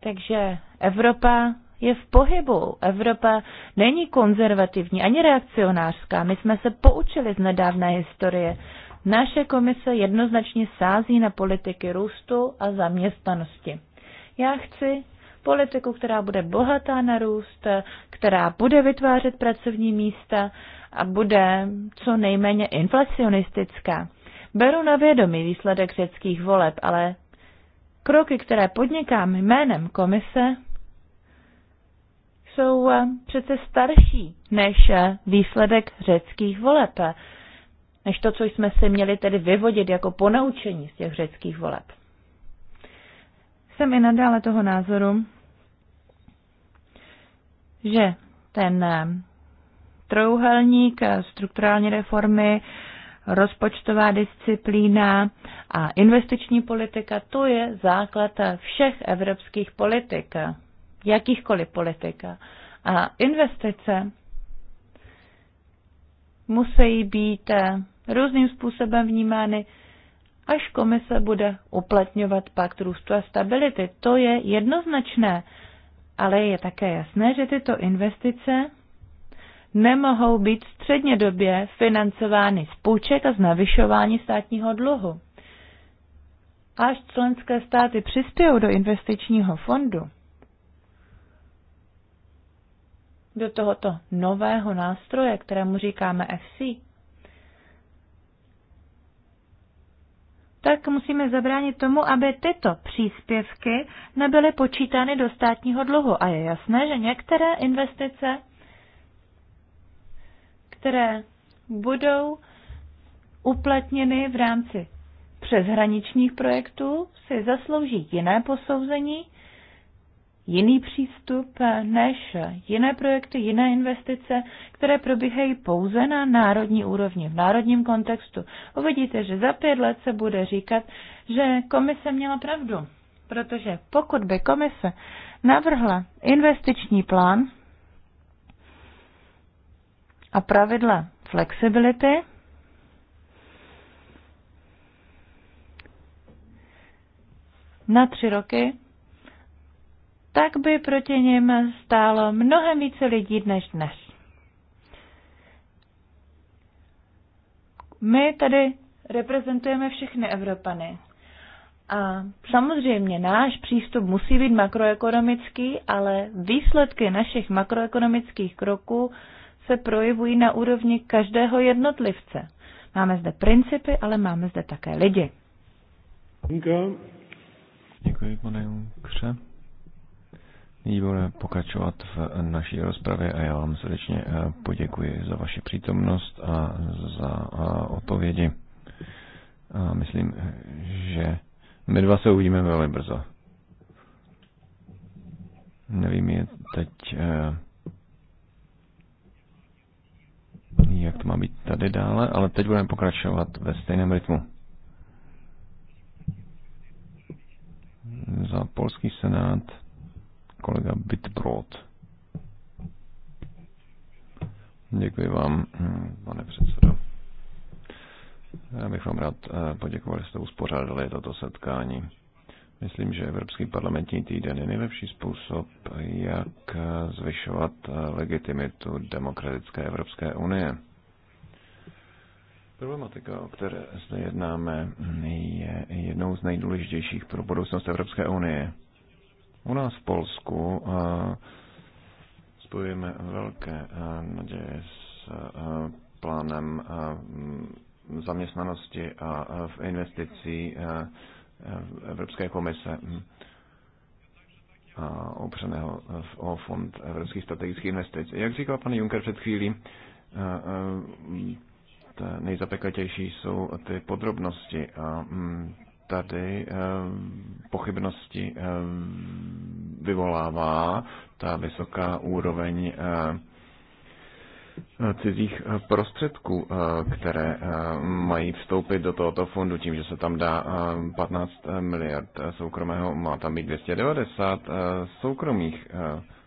Takže Evropa je v pohybu. Evropa není konzervativní ani reakcionářská. My jsme se poučili z nedávné historie. Naše komise jednoznačně sází na politiky růstu a zaměstnanosti. Já chci politiku, která bude bohatá na růst, která bude vytvářet pracovní místa a bude co nejméně inflacionistická. Beru na vědomí výsledek řeckých voleb, ale kroky, které podnikám jménem komise, jsou eh, přece starší než eh, výsledek řeckých voleb, než to, co jsme si měli tedy vyvodit jako ponaučení z těch řeckých voleb. Jsem i nadále toho názoru, že ten eh, trouhelník eh, strukturální reformy, rozpočtová disciplína a investiční politika, to je základ eh, všech evropských politik, jakýchkoliv politika. A investice musí být různým způsobem vnímány, až komise bude uplatňovat pakt růstu a stability. To je jednoznačné ale je také jasné, že tyto investice nemohou být střednědobě financovány z půjček a z navyšování státního dluhu. Až členské státy přispějí do investičního fondu, do tohoto nového nástroje, kterému říkáme FC, tak musíme zabránit tomu, aby tyto příspěvky nebyly počítány do státního dluhu. A je jasné, že některé investice, které budou uplatněny v rámci přeshraničních projektů, si zaslouží jiné posouzení jiný přístup než jiné projekty, jiné investice, které probíhají pouze na národní úrovni, v národním kontextu. Uvidíte, že za pět let se bude říkat, že komise měla pravdu, protože pokud by komise navrhla investiční plán a pravidla flexibility, na tři roky tak by proti nim stálo mnohem více lidí než dnes. My tady reprezentujeme všechny Evropany. A samozřejmě náš přístup musí být makroekonomický, ale výsledky našich makroekonomických kroků se projevují na úrovni každého jednotlivce. Máme zde principy, ale máme zde také lidi. Děkuji, pane Junkře. Nyní budeme pokračovat v naší rozpravě a já vám srdečně eh, poděkuji za vaši přítomnost a za eh, odpovědi. A myslím, že my dva se uvidíme velmi brzo. Nevím, je teď, eh, jak to má být tady dále, ale teď budeme pokračovat ve stejném rytmu. Za polský senát kolega Bitbrod. Děkuji vám, pane předsedo. Já bych vám rád eh, poděkoval, že jste uspořádali toto setkání. Myslím, že Evropský parlamentní týden je nejlepší způsob, jak eh, zvyšovat eh, legitimitu demokratické Evropské unie. Problematika, o které zde jednáme, je jednou z nejdůležitějších pro budoucnost Evropské unie. U nás v Polsku eh, spojujeme velké eh, naděje s eh, plánem zaměstnanosti a v investicí Evropské komise hm, a opřeného o fond Evropských strategických investic. Jak říkal pan Juncker před chvílí, nejzapekatější jsou ty podrobnosti a hm, tady ehm, pochybnosti ehm, vyvolává ta vysoká úroveň ehm, cizích prostředků, které mají vstoupit do tohoto fondu tím, že se tam dá 15 miliard soukromého, má tam být 290 soukromých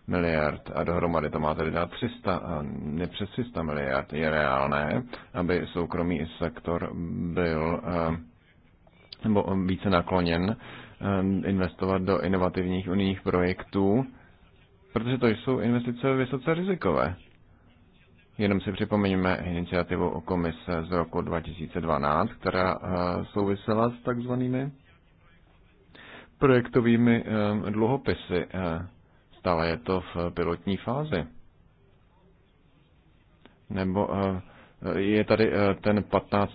miliard a dohromady to má tedy dát 300, ne přes 300 miliard. Je reálné, aby soukromý sektor byl nebo více nakloněn eh, investovat do inovativních unijních projektů, protože to jsou investice vysoce rizikové. Jenom si připomeňme iniciativu o komise z roku 2012, která eh, souvisela s takzvanými projektovými eh, dluhopisy. Stále je to v pilotní fázi. Nebo je tady ten 15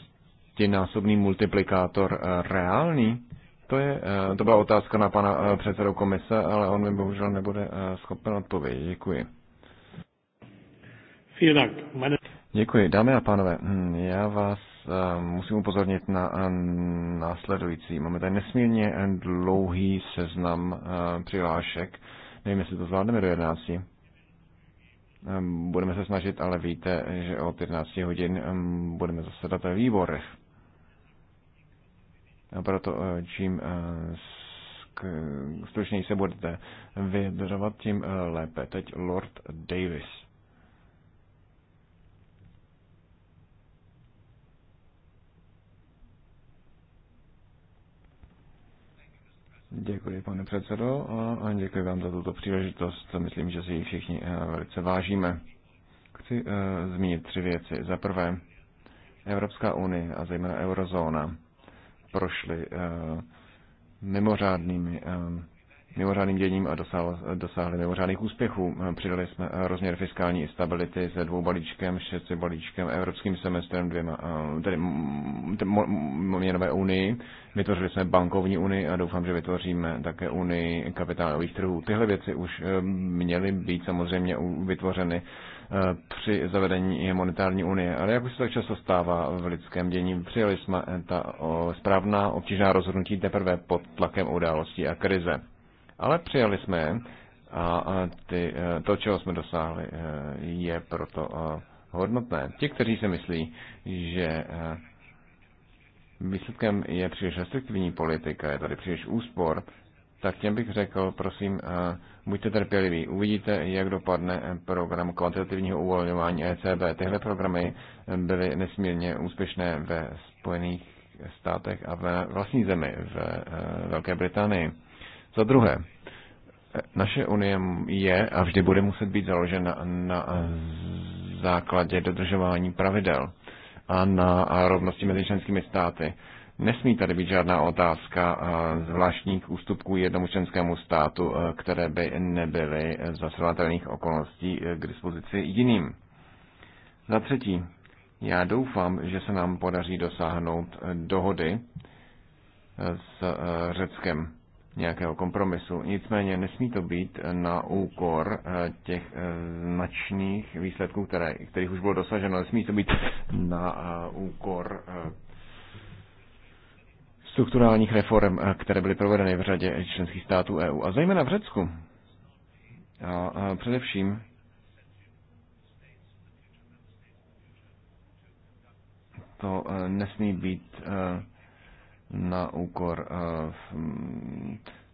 desetinásobný multiplikátor eh, reálný? To, je, eh, to byla otázka na pana eh, předsedu komise, ale on mi bohužel nebude schopen odpovědět. Děkuji. Děkuji. Dámy a pánové, hm, já vás musím upozornit na následující. Máme tady nesmírně dlouhý seznam přihlášek. Nevím, jestli to zvládneme do 11. Budeme se snažit, ale víte, že od 11 hodin hm, budeme zasedat ve výborech proto eh, čím eh, stručněji se budete vyjadřovat, tím eh, lépe. Teď Lord Davis. Děkuji, pane předsedo, a děkuji vám za tuto příležitost. Myslím, že si ji všichni velice vážíme. Chci uh, zmínit tři věci. Za prvé, Evropská unie a zejména eurozóna prošli eh, mimořádnými eh, mimořádným děním a dosáhl, dosáhli mimořádných úspěchů. Eh, přidali jsme rozměr fiskální stability se dvou balíčkem, šesti balíčkem, evropským semestrem, dvěma, tedy měnové unii. Vytvořili jsme bankovní unii a doufám, že vytvoříme také unii kapitálových trhů. Tyhle věci už měly být samozřejmě vytvořeny Eh, při zavedení monetární unie. Ale jak už se tak často stává v lidském dění, přijali jsme eh, ta správná obtížná rozhodnutí teprve pod tlakem událostí a krize. Ale přijali jsme je a ty, eh, to, čeho jsme dosáhli, je proto hodnotné. Ti, kteří si myslí, že výsledkem je příliš restriktivní politika, je tady příliš úspor, tak těm bych řekl, prosím, eh, buďte trpěliví. Uvidíte, jak dopadne program kvantitativního uvolňování ECB. Tyhle programy byly nesmírně úspěšné ve Spojených státech a ve vlastní zemi, v eh, Velké Británii. Za druhé, naše unie je a vždy bude muset být založena na základě dodržování pravidel a na rovnosti mezi členskými státy. Nesmí tady být žádná otázka eh, zvláštních ústupků jednomu členskému státu, eh, které by nebyly za srovnatelných okolností eh, k dispozici jiným. Za třetí, já doufám, že se nám podaří dosáhnout dohody s Řeckem nějakého kompromisu. Nicméně nesmí to být na úkor těch značných výsledků, které, kterých už bylo dosaženo. Nesmí to být na úkor strukturálních reform, eh, které byly provedeny v řadě členských států EU, a zejména v Řecku. A, a především to eh, nesmí být eh, na úkor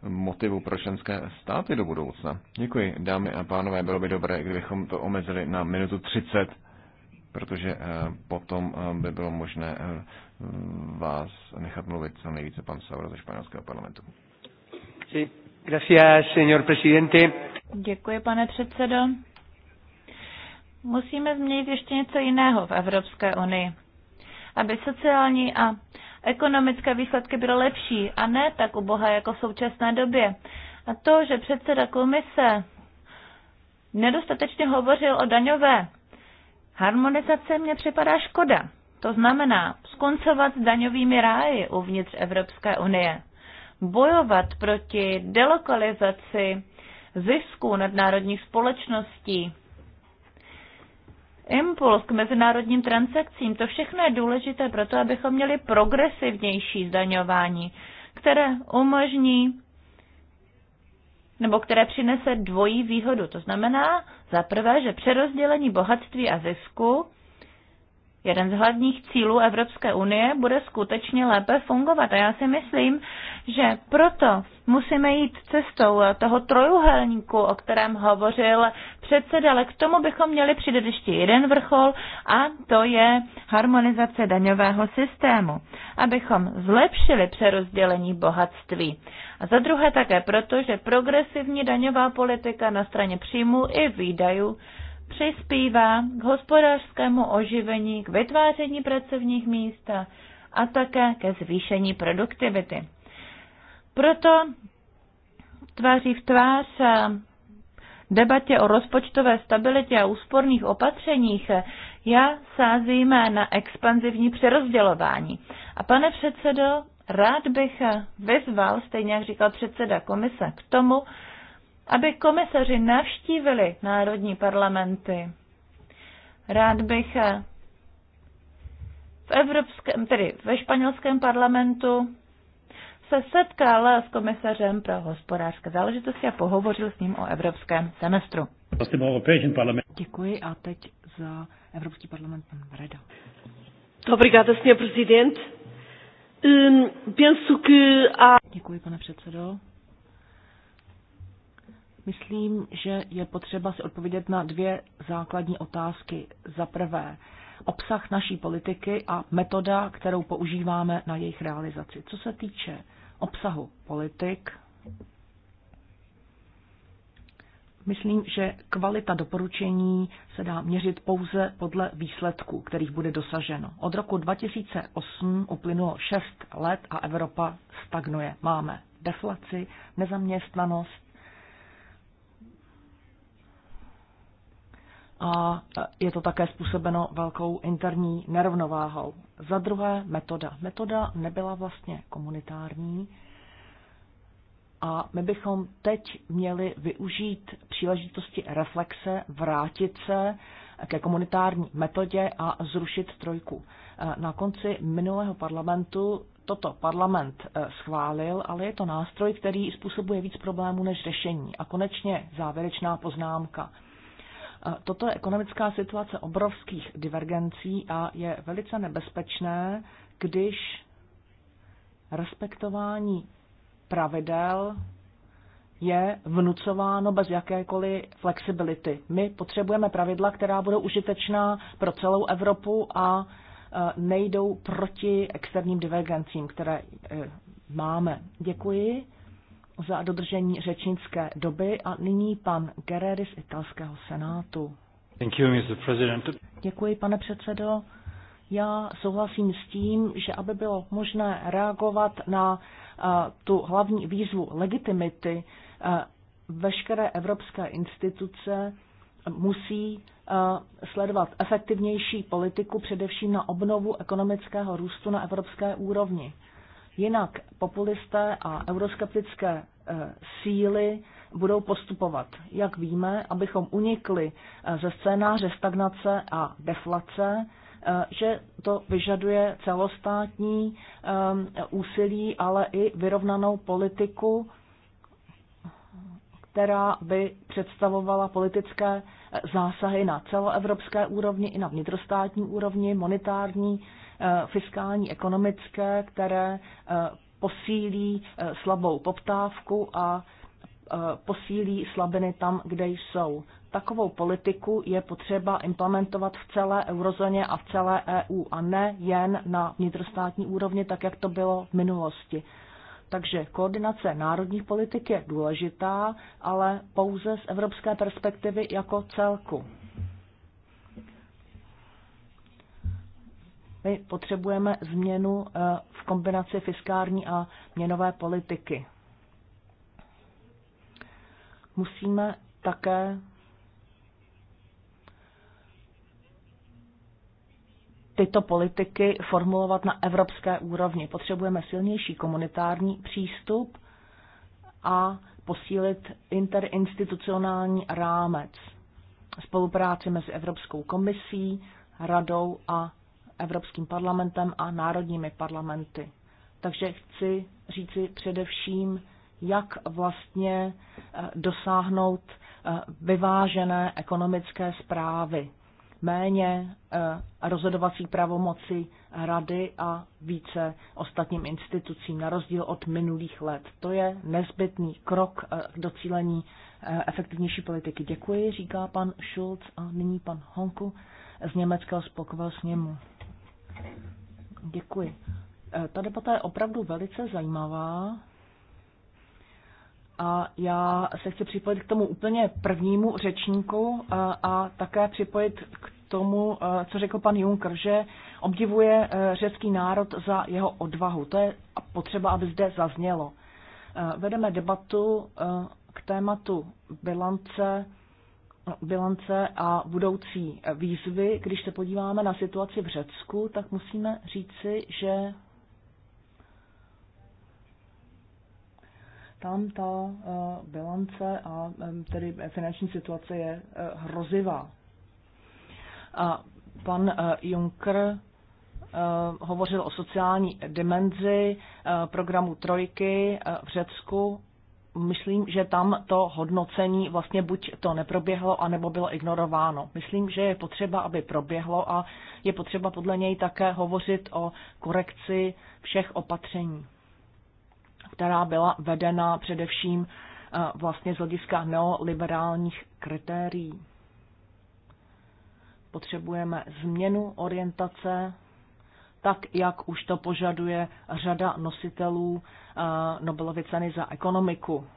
motivu pro členské státy do budoucna. Děkuji, dámy a pánové, bylo by dobré, kdybychom to omezili na minutu 30, protože potom by bylo možné vás nechat mluvit co nejvíce pan Saura ze španělského parlamentu. Gracias, señor presidente. Děkuji, pane předsedo. Musíme změnit ještě něco jiného v Evropské unii, aby sociální a ekonomické výsledky byly lepší a ne tak ubohé jako v současné době. A to, že předseda komise nedostatečně hovořil o daňové harmonizaci, mně připadá škoda. To znamená skoncovat s daňovými ráji uvnitř Evropské unie, bojovat proti delokalizaci zisků nadnárodních společností, impuls k mezinárodním transakcím, to všechno je důležité pro to, abychom měli progresivnější zdaňování, které umožní nebo které přinese dvojí výhodu. To znamená za prvé, že přerozdělení bohatství a zisku Jeden z hlavních cílů Evropské unie bude skutečně lépe fungovat. A já si myslím, že proto musíme jít cestou toho trojuhelníku, o kterém hovořil předseda, ale k tomu bychom měli přidat ještě jeden vrchol a to je harmonizace daňového systému, abychom zlepšili přerozdělení bohatství. A za druhé také proto, že progresivní daňová politika na straně příjmů i výdajů přispívá k hospodářskému oživení, k vytváření pracovních míst a také ke zvýšení produktivity. Proto tváří v tvář debatě o rozpočtové stabilitě a úsporných opatřeních já sázím na expanzivní přerozdělování. A pane předsedo, rád bych vyzval, stejně jak říkal předseda komise, k tomu, aby komisaři navštívili národní parlamenty. Rád bych eh, v evropském, tedy ve španělském parlamentu se setkal s komisařem pro hospodářské záležitosti a pohovořil s ním o evropském semestru. Děkuji a teď za Evropský parlament pan Vreda. Obrigada, senhor presidente. Penso que há... Děkuji, pane předsedo. Myslím, že je potřeba si odpovědět na dvě základní otázky. Za prvé, obsah naší politiky a metoda, kterou používáme na jejich realizaci. Co se týče obsahu politik, myslím, že kvalita doporučení se dá měřit pouze podle výsledků, kterých bude dosaženo. Od roku 2008 uplynulo 6 let a Evropa stagnuje. Máme deflaci, nezaměstnanost, a je to také způsobeno velkou interní nerovnováhou. Za druhé metoda. Metoda nebyla vlastně komunitární a my bychom teď měli využít příležitosti reflexe, vrátit se ke komunitární metodě a zrušit trojku. Na konci minulého parlamentu toto parlament eh, schválil, ale je to nástroj, který způsobuje víc problémů než řešení. A konečně závěrečná poznámka – Toto je ekonomická situace obrovských divergencí a je velice nebezpečné, když respektování pravidel je vnucováno bez jakékoliv flexibility. My potřebujeme pravidla, která budou užitečná pro celou Evropu a e, nejdou proti externím divergencím, které e, máme. Děkuji za dodržení řečnické doby a nyní pan Guerreri z italského senátu. Thank you, Mr. President. Děkuji, pane předsedo. Já souhlasím s tím, že aby bylo možné reagovat na uh, tu hlavní výzvu legitimity, uh, veškeré evropské instituce musí eh, sledovat efektivnější politiku, především na obnovu ekonomického růstu na evropské úrovni. Jinak populisté a euroskeptické Eh, síly budou postupovat. Jak víme, abychom unikli eh, ze scénáře stagnace a deflace, eh, že to vyžaduje celostátní úsilí, ale i vyrovnanou politiku, která by představovala politické zásahy na celoevropské úrovni i na vnitrostátní úrovni, monetární, fiskální, ekonomické, které posílí eh, slabou poptávku a eh, posílí slabiny tam, kde jsou. Takovou politiku je potřeba implementovat v celé eurozóně a v celé EU a ne jen na vnitrostátní úrovni, tak jak to bylo v minulosti. Takže koordinace národních politik je důležitá, ale pouze z evropské perspektivy jako celku. My potřebujeme změnu eh, v kombinaci fiskální a měnové politiky. Musíme také tyto politiky formulovat na evropské úrovni. Potřebujeme silnější komunitární přístup a posílit interinstitucionální rámec spolupráci mezi Evropskou komisí, radou a Evropským parlamentem a národními parlamenty. Takže chci říci především, jak vlastně eh, dosáhnout eh, vyvážené ekonomické zprávy, méně eh, rozhodovací pravomoci rady a více ostatním institucím, na rozdíl od minulých let. To je nezbytný krok k docílení efektivnější politiky. Děkuji, říká pan Schulz a nyní pan Honku z Německého spolkového sněmu. Děkuji. E, ta debata je opravdu velice zajímavá. A já se chci připojit k tomu úplně prvnímu řečníku a, e, a také připojit k tomu, e, co řekl pan Juncker, že obdivuje řecký národ za jeho odvahu. To je potřeba, aby zde zaznělo. Vedeme debatu k tématu bilance bilance a budoucí výzvy, když se podíváme na situaci v Řecku, tak musíme říci, že tam ta eh, bilance a tedy finanční situace je eh, hrozivá. A pan eh, Juncker hovořil o sociální dimenzi programu Trojky v Řecku myslím, že tam to hodnocení vlastně buď to neproběhlo, anebo bylo ignorováno. Myslím, že je potřeba, aby proběhlo a je potřeba podle něj také hovořit o korekci všech opatření, která byla vedena především eh, vlastně z hlediska neoliberálních kritérií. Potřebujeme změnu orientace, tak jak už to požaduje řada nositelů Eh, Nobelovy ceny za ekonomiku.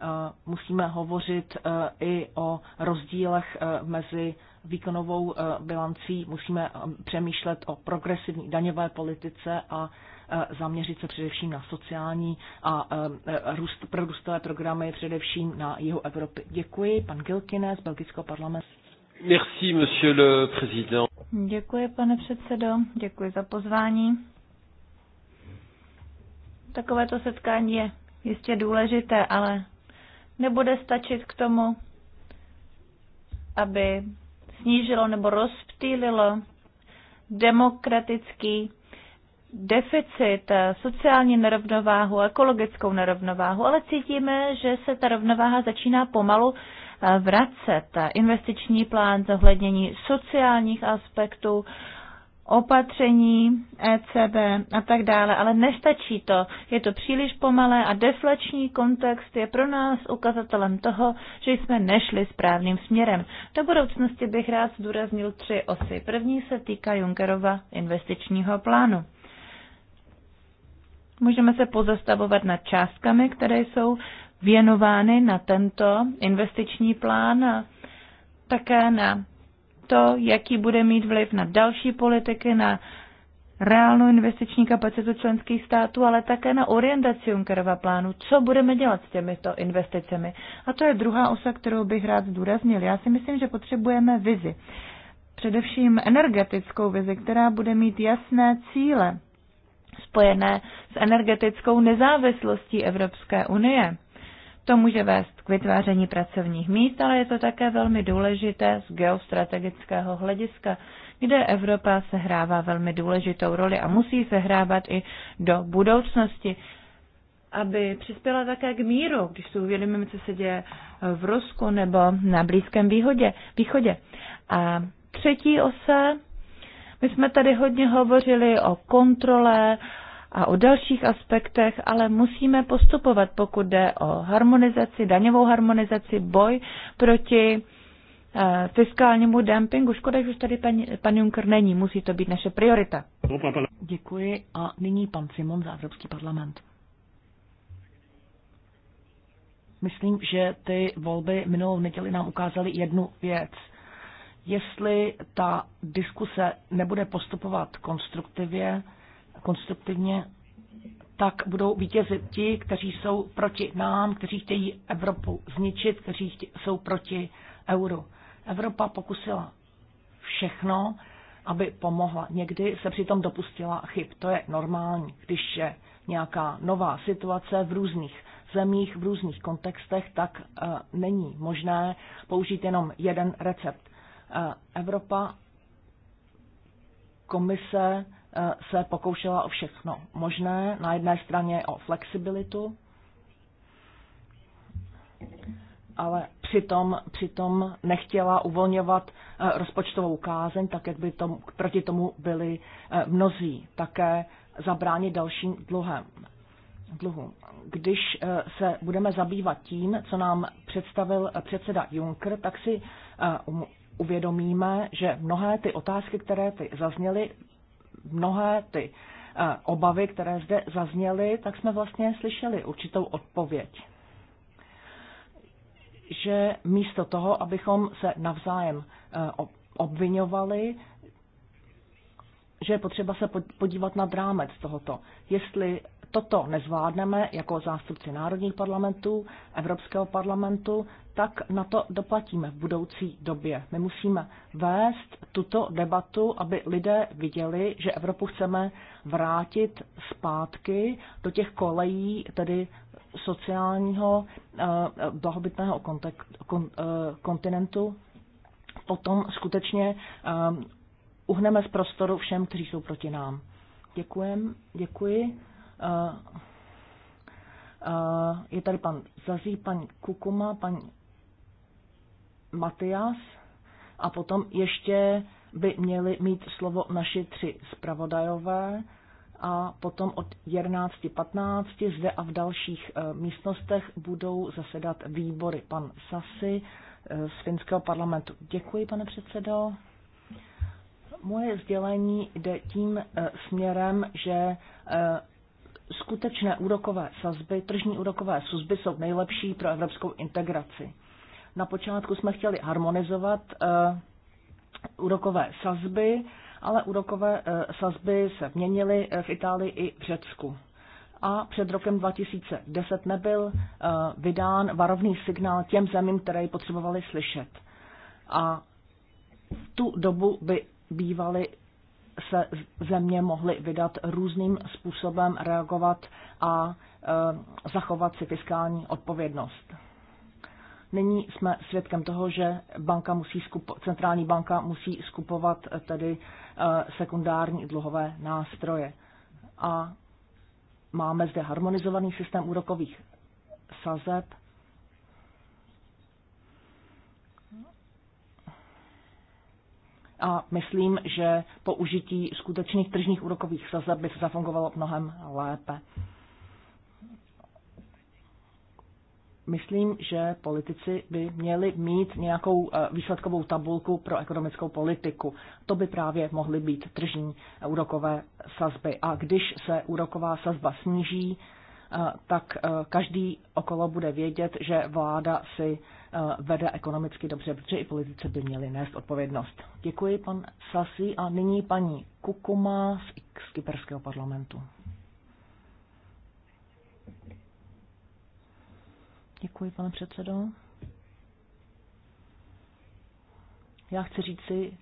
Eh, musíme hovořit eh, i o rozdílech mezi výkonovou bilancí, musíme přemýšlet o progresivní daňové politice a zaměřit se především na sociální a růst, prorůstové programy, především na jihu Evropy. Děkuji, pan Gilkine z Belgického parlamentu. Merci, monsieur le président. Děkuji, pane předsedo, děkuji za pozvání. Takovéto setkání je jistě důležité, ale nebude stačit k tomu, aby snížilo nebo rozptýlilo demokratický deficit, sociální nerovnováhu, ekologickou nerovnováhu, ale cítíme, že se ta rovnováha začíná pomalu eh, vracet. Investiční plán zohlednění sociálních aspektů, opatření ECB a tak dále, ale nestačí to. Je to příliš pomalé a deflační kontext je pro nás ukazatelem toho, že jsme nešli správným směrem. Do budoucnosti bych rád zdůraznil tři osy. První se týká Junckerova investičního plánu. Můžeme se pozastavovat nad částkami, které jsou věnovány na tento investiční plán a také na to, jaký bude mít vliv na další politiky, na reálnou investiční kapacitu členských států, ale také na orientaci Junckerova plánu, co budeme dělat s těmito investicemi. A to je druhá osa, kterou bych rád zdůraznil. Já si myslím, že potřebujeme vizi. Především energetickou vizi, která bude mít jasné cíle spojené s energetickou nezávislostí Evropské unie. To může vést k vytváření pracovních míst, ale je to také velmi důležité z geostrategického hlediska, kde Evropa sehrává velmi důležitou roli a musí sehrávat i do budoucnosti, aby přispěla také k míru, když si uvědomíme, co se děje v Rusku nebo na Blízkém východě, východě. A třetí osa, my jsme tady hodně hovořili o kontrole, a o dalších aspektech, ale musíme postupovat, pokud jde o harmonizaci, daňovou harmonizaci, boj proti eh, fiskálnímu dumpingu. Škoda, že už tady pan, pan Juncker není, musí to být naše priorita. Děkuji a nyní pan Simon za Evropský parlament. Myslím, že ty volby minulou neděli nám ukázaly jednu věc. Jestli ta diskuse nebude postupovat konstruktivně, konstruktivně, tak budou vítězit ti, kteří jsou proti nám, kteří chtějí Evropu zničit, kteří jsou proti euru. Evropa pokusila všechno, aby pomohla. Někdy se přitom dopustila chyb. To je normální, když je nějaká nová situace v různých zemích, v různých kontextech, tak uh, není možné použít jenom jeden recept. Uh, Evropa, komise, Eh, se pokoušela o všechno možné. Na jedné straně o flexibilitu, ale přitom, přitom nechtěla uvolňovat eh, rozpočtovou kázeň, tak jak by tomu, proti tomu byli eh, mnozí. Také zabránit dalším dluhem. Dluhu. Když se budeme zabývat tím, co nám představil předseda Juncker, tak si um, uvědomíme, že mnohé ty otázky, které ty zazněly, mnohé ty eh, obavy, které zde zazněly, tak jsme vlastně slyšeli určitou odpověď. Že místo toho, abychom se navzájem eh, obvinovali, že je potřeba se podívat nad rámec tohoto. Jestli toto nezvládneme jako zástupci národních parlamentů, Evropského parlamentu, tak na to doplatíme v budoucí době. My musíme vést tuto debatu, aby lidé viděli, že Evropu chceme vrátit zpátky do těch kolejí, tedy sociálního eh, blahobytného eh, kontinentu. Potom skutečně eh, uhneme z prostoru všem, kteří jsou proti nám. Děkujem, děkuji. Eh, eh, je tady pan Zazí, paní Kukuma, paní Matias a potom ještě by měli mít slovo naši tři zpravodajové a potom od 11.15 zde a v dalších eh, místnostech budou zasedat výbory. Pan Sasi z finského parlamentu. Děkuji, pane předsedo. Moje sdělení jde tím směrem, že skutečné úrokové sazby, tržní úrokové sazby jsou nejlepší pro evropskou integraci. Na počátku jsme chtěli harmonizovat eh, úrokové sazby, ale úrokové eh, sazby se měnily eh, v Itálii i v Řecku. A před rokem 2010 nebyl vydán varovný signál těm zemím, které ji potřebovali slyšet. A v tu dobu by bývaly se země mohly vydat různým způsobem reagovat a eh, zachovat si fiskální odpovědnost. Nyní jsme svědkem toho, že banka musí skupo, centrální banka musí skupovat eh, tedy eh, sekundární dluhové nástroje. A máme zde harmonizovaný systém úrokových sazeb, a myslím, že použití skutečných tržních úrokových sazeb by zafungovalo mnohem lépe. Myslím, že politici by měli mít nějakou eh, výsledkovou tabulku pro ekonomickou politiku. To by právě mohly být tržní úrokové sazby. A když se úroková sazba sníží, Eh, tak eh, každý okolo bude vědět, že vláda si eh, vede ekonomicky dobře, protože i politici by měli nést odpovědnost. Děkuji, pan Sasi. A nyní paní Kukuma z, z Kyperského parlamentu. Děkuji, pane předsedo. Já chci říci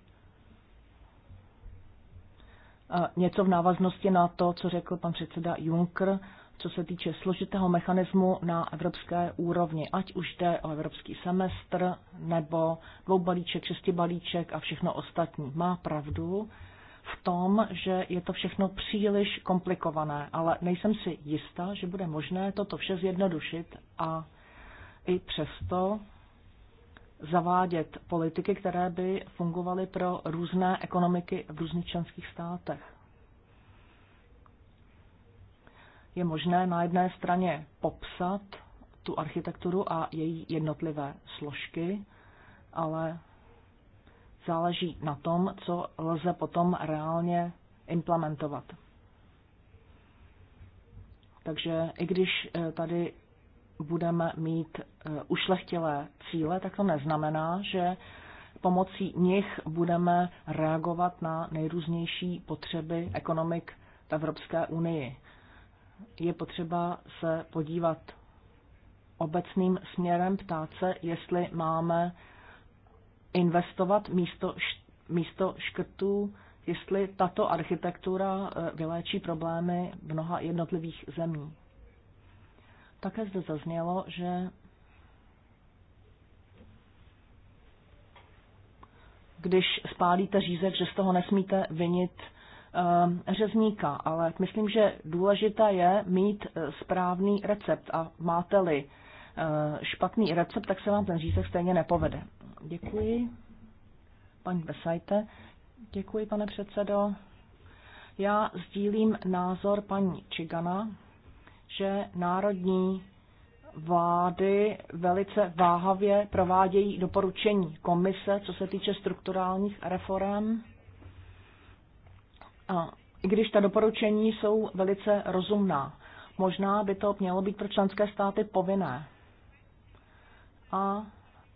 něco v návaznosti na to, co řekl pan předseda Juncker co se týče složitého mechanismu na evropské úrovni, ať už jde o evropský semestr nebo dvou balíček, šesti balíček a všechno ostatní. Má pravdu v tom, že je to všechno příliš komplikované, ale nejsem si jistá, že bude možné toto vše zjednodušit a i přesto zavádět politiky, které by fungovaly pro různé ekonomiky v různých členských státech. je možné na jedné straně popsat tu architekturu a její jednotlivé složky, ale záleží na tom, co lze potom reálně implementovat. Takže i když e, tady budeme mít e, ušlechtilé cíle, tak to neznamená, že pomocí nich budeme reagovat na nejrůznější potřeby ekonomik v Evropské unii je potřeba se podívat obecným směrem, ptát se, jestli máme investovat místo, místo škrtů, jestli tato architektura eh, vyléčí problémy mnoha jednotlivých zemí. Také zde zaznělo, že když spálíte řízek, že z toho nesmíte vinit Um, řezníka, ale myslím, že důležité je mít eh, správný recept a máte-li eh, špatný recept, tak se vám ten řízek stejně nepovede. Děkuji. Paní Besajte. Děkuji, pane předsedo. Já sdílím názor paní Čigana, že národní vlády velice váhavě provádějí doporučení komise, co se týče strukturálních reform i když ta doporučení jsou velice rozumná, možná by to mělo být pro členské státy povinné. A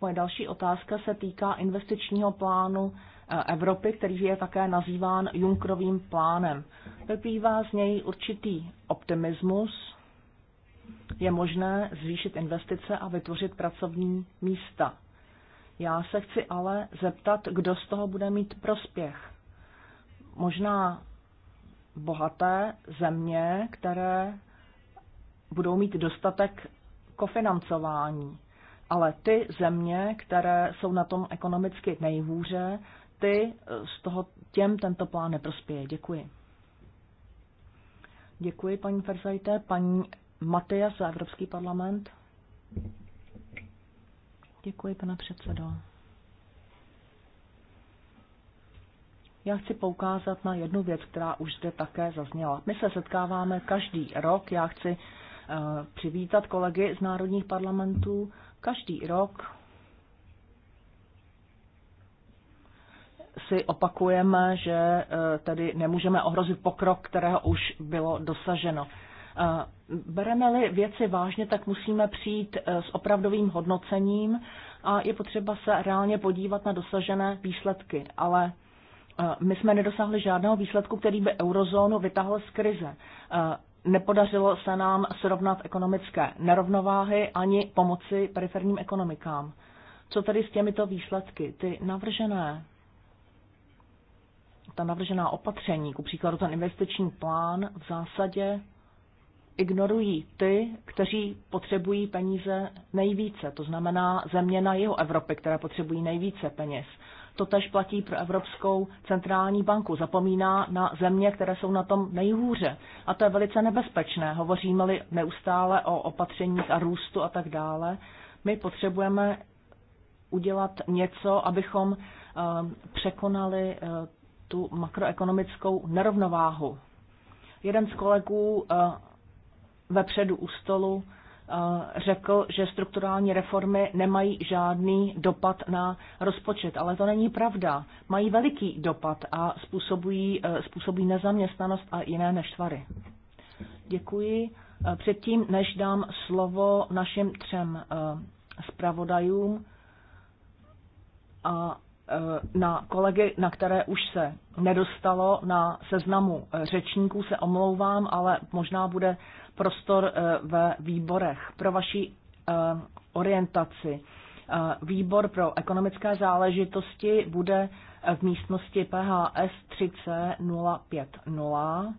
moje další otázka se týká investičního plánu eh, Evropy, který je také nazýván Junkrovým plánem. Vypívá z něj určitý optimismus, je možné zvýšit investice a vytvořit pracovní místa. Já se chci ale zeptat, kdo z toho bude mít prospěch možná bohaté země, které budou mít dostatek kofinancování. Ale ty země, které jsou na tom ekonomicky nejhůře, ty eh, z toho těm tento plán neprospěje. Děkuji. Děkuji, paní Ferzajte. Paní Matyas za Evropský parlament. Děkuji, pane předsedo. Já chci poukázat na jednu věc, která už zde také zazněla. My se setkáváme každý rok, já chci eh, přivítat kolegy z národních parlamentů. Každý rok si opakujeme, že eh, tedy nemůžeme ohrozit pokrok, kterého už bylo dosaženo. Eh, bereme-li věci vážně, tak musíme přijít s opravdovým hodnocením a je potřeba se reálně podívat na dosažené výsledky. Ale my jsme nedosáhli žádného výsledku, který by eurozónu vytahl z krize. Nepodařilo se nám srovnat ekonomické nerovnováhy ani pomoci periferním ekonomikám. Co tedy s těmito výsledky? Ty navržené, ta navržená opatření, ku příkladu ten investiční plán, v zásadě ignorují ty, kteří potřebují peníze nejvíce, to znamená země na jihu Evropy, které potřebují nejvíce peněz. To tež platí pro Evropskou centrální banku. Zapomíná na země, které jsou na tom nejhůře. A to je velice nebezpečné. Hovoříme-li neustále o opatřeních a růstu a tak dále. My potřebujeme udělat něco, abychom eh, překonali eh, tu makroekonomickou nerovnováhu. Jeden z kolegů eh, vepředu u stolu Eh, řekl, že strukturální reformy nemají žádný dopad na rozpočet, ale to není pravda. Mají veliký dopad a způsobují, eh, způsobují nezaměstnanost a jiné neštvary. Děkuji. Eh, předtím, než dám slovo našim třem zpravodajům a na kolegy, na které už se nedostalo na seznamu řečníků, se omlouvám, ale možná bude prostor eh, ve výborech. Pro vaši eh, orientaci. Eh, výbor pro ekonomické záležitosti bude v místnosti PHS 3C050.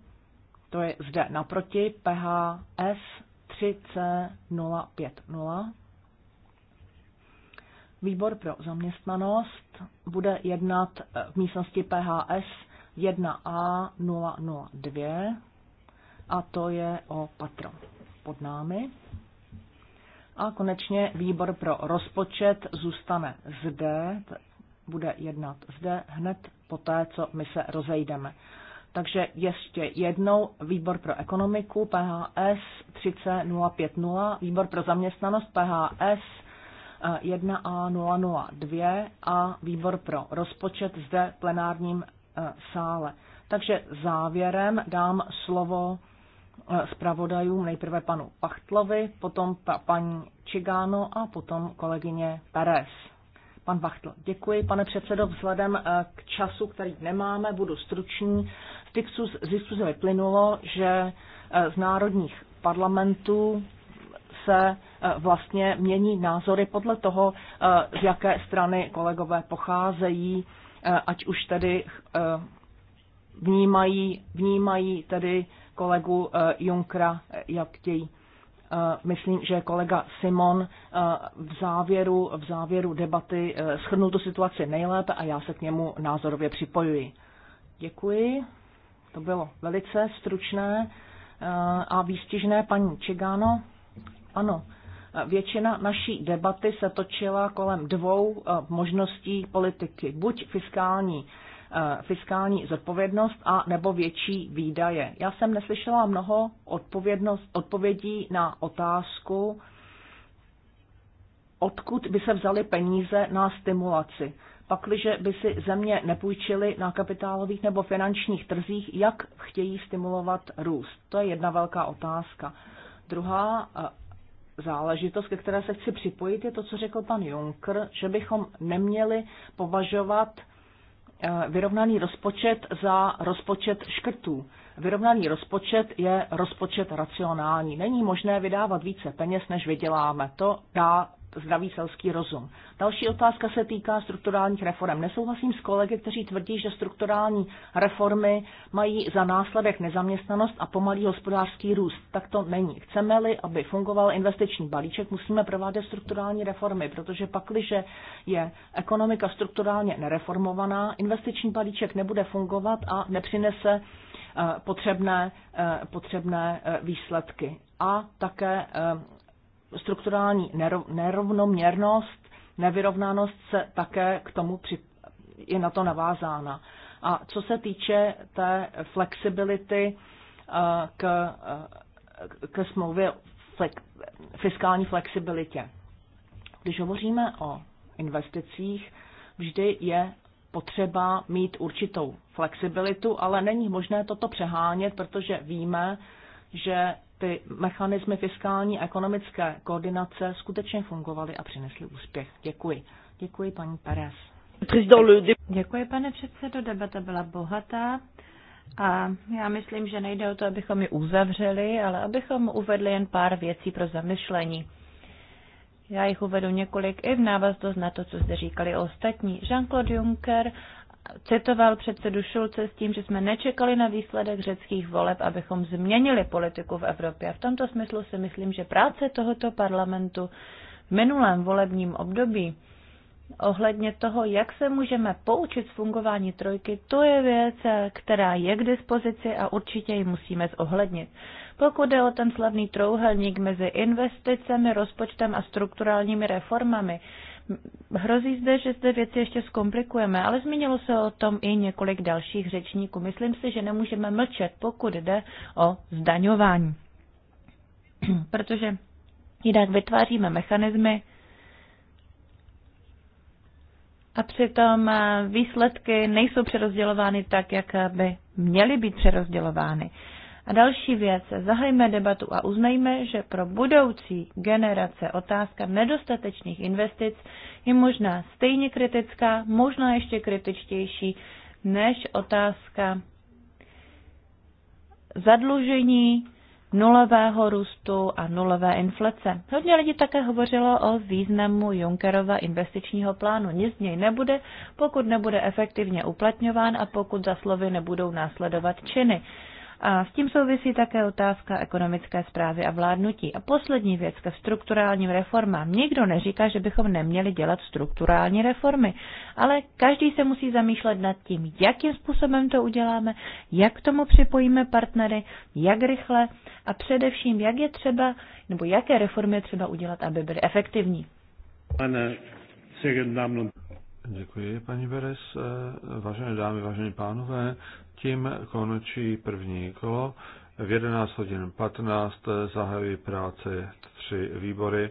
To je zde naproti PHS 3C050. Výbor pro zaměstnanost bude jednat v místnosti PHS 1A002 a to je o patro pod námi. A konečně výbor pro rozpočet zůstane zde, bude jednat zde hned poté, co my se rozejdeme. Takže ještě jednou výbor pro ekonomiku PHS 30050, výbor pro zaměstnanost PHS 1A002 eh, a výbor pro rozpočet zde v plenárním eh, sále. Takže závěrem dám slovo zpravodajům, nejprve panu Pachtlovi, potom pa, paní Čigáno a potom kolegyně Perez. Pan Vachtl, děkuji, pane předsedo, vzhledem eh, k času, který nemáme, budu stručný. Z diskuze vyplynulo, že eh, z národních parlamentů se eh, vlastně mění názory podle toho, z jaké strany kolegové pocházejí, ať už tedy vnímají, vnímají tedy kolegu eh, Junkra, eh, jak chtějí. Eh, myslím, že kolega Simon v závěru, v závěru debaty schrnul tu situaci nejlépe a já se k němu názorově připojuji. Děkuji. To bylo velice stručné a výstižné, paní Čigáno. Ano, většina naší debaty se točila kolem dvou možností politiky. Buď fiskální Eh, fiskální zodpovědnost a nebo větší výdaje. Já jsem neslyšela mnoho odpovědí na otázku, odkud by se vzaly peníze na stimulaci. Pakliže by si země nepůjčily na kapitálových nebo finančních trzích, jak chtějí stimulovat růst? To je jedna velká otázka. Druhá eh, záležitost, ke které se chci připojit, je to, co řekl pan Juncker, že bychom neměli považovat Eh, vyrovnaný rozpočet za rozpočet škrtů. Vyrovnaný rozpočet je rozpočet racionální. Není možné vydávat více peněz, než vyděláme. To dá zdravý selský rozum. Další otázka se týká strukturálních reform. Nesouhlasím s kolegy, kteří tvrdí, že strukturální reformy mají za následek nezaměstnanost a pomalý hospodářský růst. Tak to není. Chceme-li, aby fungoval investiční balíček, musíme provádět strukturální reformy, protože pakliže je ekonomika strukturálně nereformovaná, investiční balíček nebude fungovat a nepřinese eh, potřebné, eh, potřebné eh, výsledky a také strukturální nerovnoměrnost, nevyrovnanost se také k tomu při, je na to navázána. A co se týče té flexibility eh, k, eh, k smlouvě flek, fiskální flexibilitě. Když hovoříme o investicích, vždy je potřeba mít určitou flexibilitu, ale není možné toto přehánět, protože víme, že ty mechanismy fiskální a ekonomické koordinace skutečně fungovaly a přinesly úspěch. Děkuji. Děkuji, paní Perez. Děkuji, pane předsedo. Debata byla bohatá. A já myslím, že nejde o to, abychom ji uzavřeli, ale abychom uvedli jen pár věcí pro zamyšlení. Já jich uvedu několik i v návaznost na to, co zde říkali ostatní. Jean-Claude Juncker citoval předsedu Šulce s tím, že jsme nečekali na výsledek řeckých voleb, abychom změnili politiku v Evropě. A v tomto smyslu si myslím, že práce tohoto parlamentu v minulém volebním období ohledně toho, jak se můžeme poučit z fungování trojky, to je věc, která je k dispozici a určitě ji musíme zohlednit. Pokud jde o ten slavný trouhelník mezi investicemi, rozpočtem a strukturálními reformami, Hrozí zde, že zde věci ještě zkomplikujeme, ale zmínilo se o tom i několik dalších řečníků. Myslím si, že nemůžeme mlčet, pokud jde o zdaňování. [clears throat] Protože jinak vytváříme mechanismy a přitom eh, výsledky nejsou přerozdělovány tak, jak by měly být přerozdělovány. A další věc, zahajme debatu a uznejme, že pro budoucí generace otázka nedostatečných investic je možná stejně kritická, možná ještě kritičtější než otázka zadlužení, nulového růstu a nulové inflace. Hodně lidí také hovořilo o významu Junckerova investičního plánu. Nic z něj nebude, pokud nebude efektivně uplatňován a pokud za slovy nebudou následovat činy. A s tím souvisí také otázka ekonomické zprávy a vládnutí. A poslední věc ke strukturálním reformám. Nikdo neříká, že bychom neměli dělat strukturální reformy, ale každý se musí zamýšlet nad tím, jakým způsobem to uděláme, jak k tomu připojíme partnery, jak rychle a především, jak je třeba, nebo jaké reformy je třeba udělat, aby byly efektivní. Pane, Děkuji, paní Beres. Eh, vážené dámy, vážení pánové, tím končí první kolo. V 11 hodin 15 zahajují práce tři výbory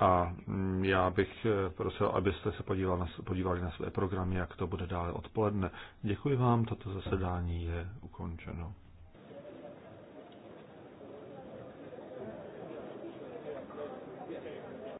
a já bych prosil, abyste se podívali na, podívali na své programy, jak to bude dále odpoledne. Děkuji vám, toto zasedání je ukončeno.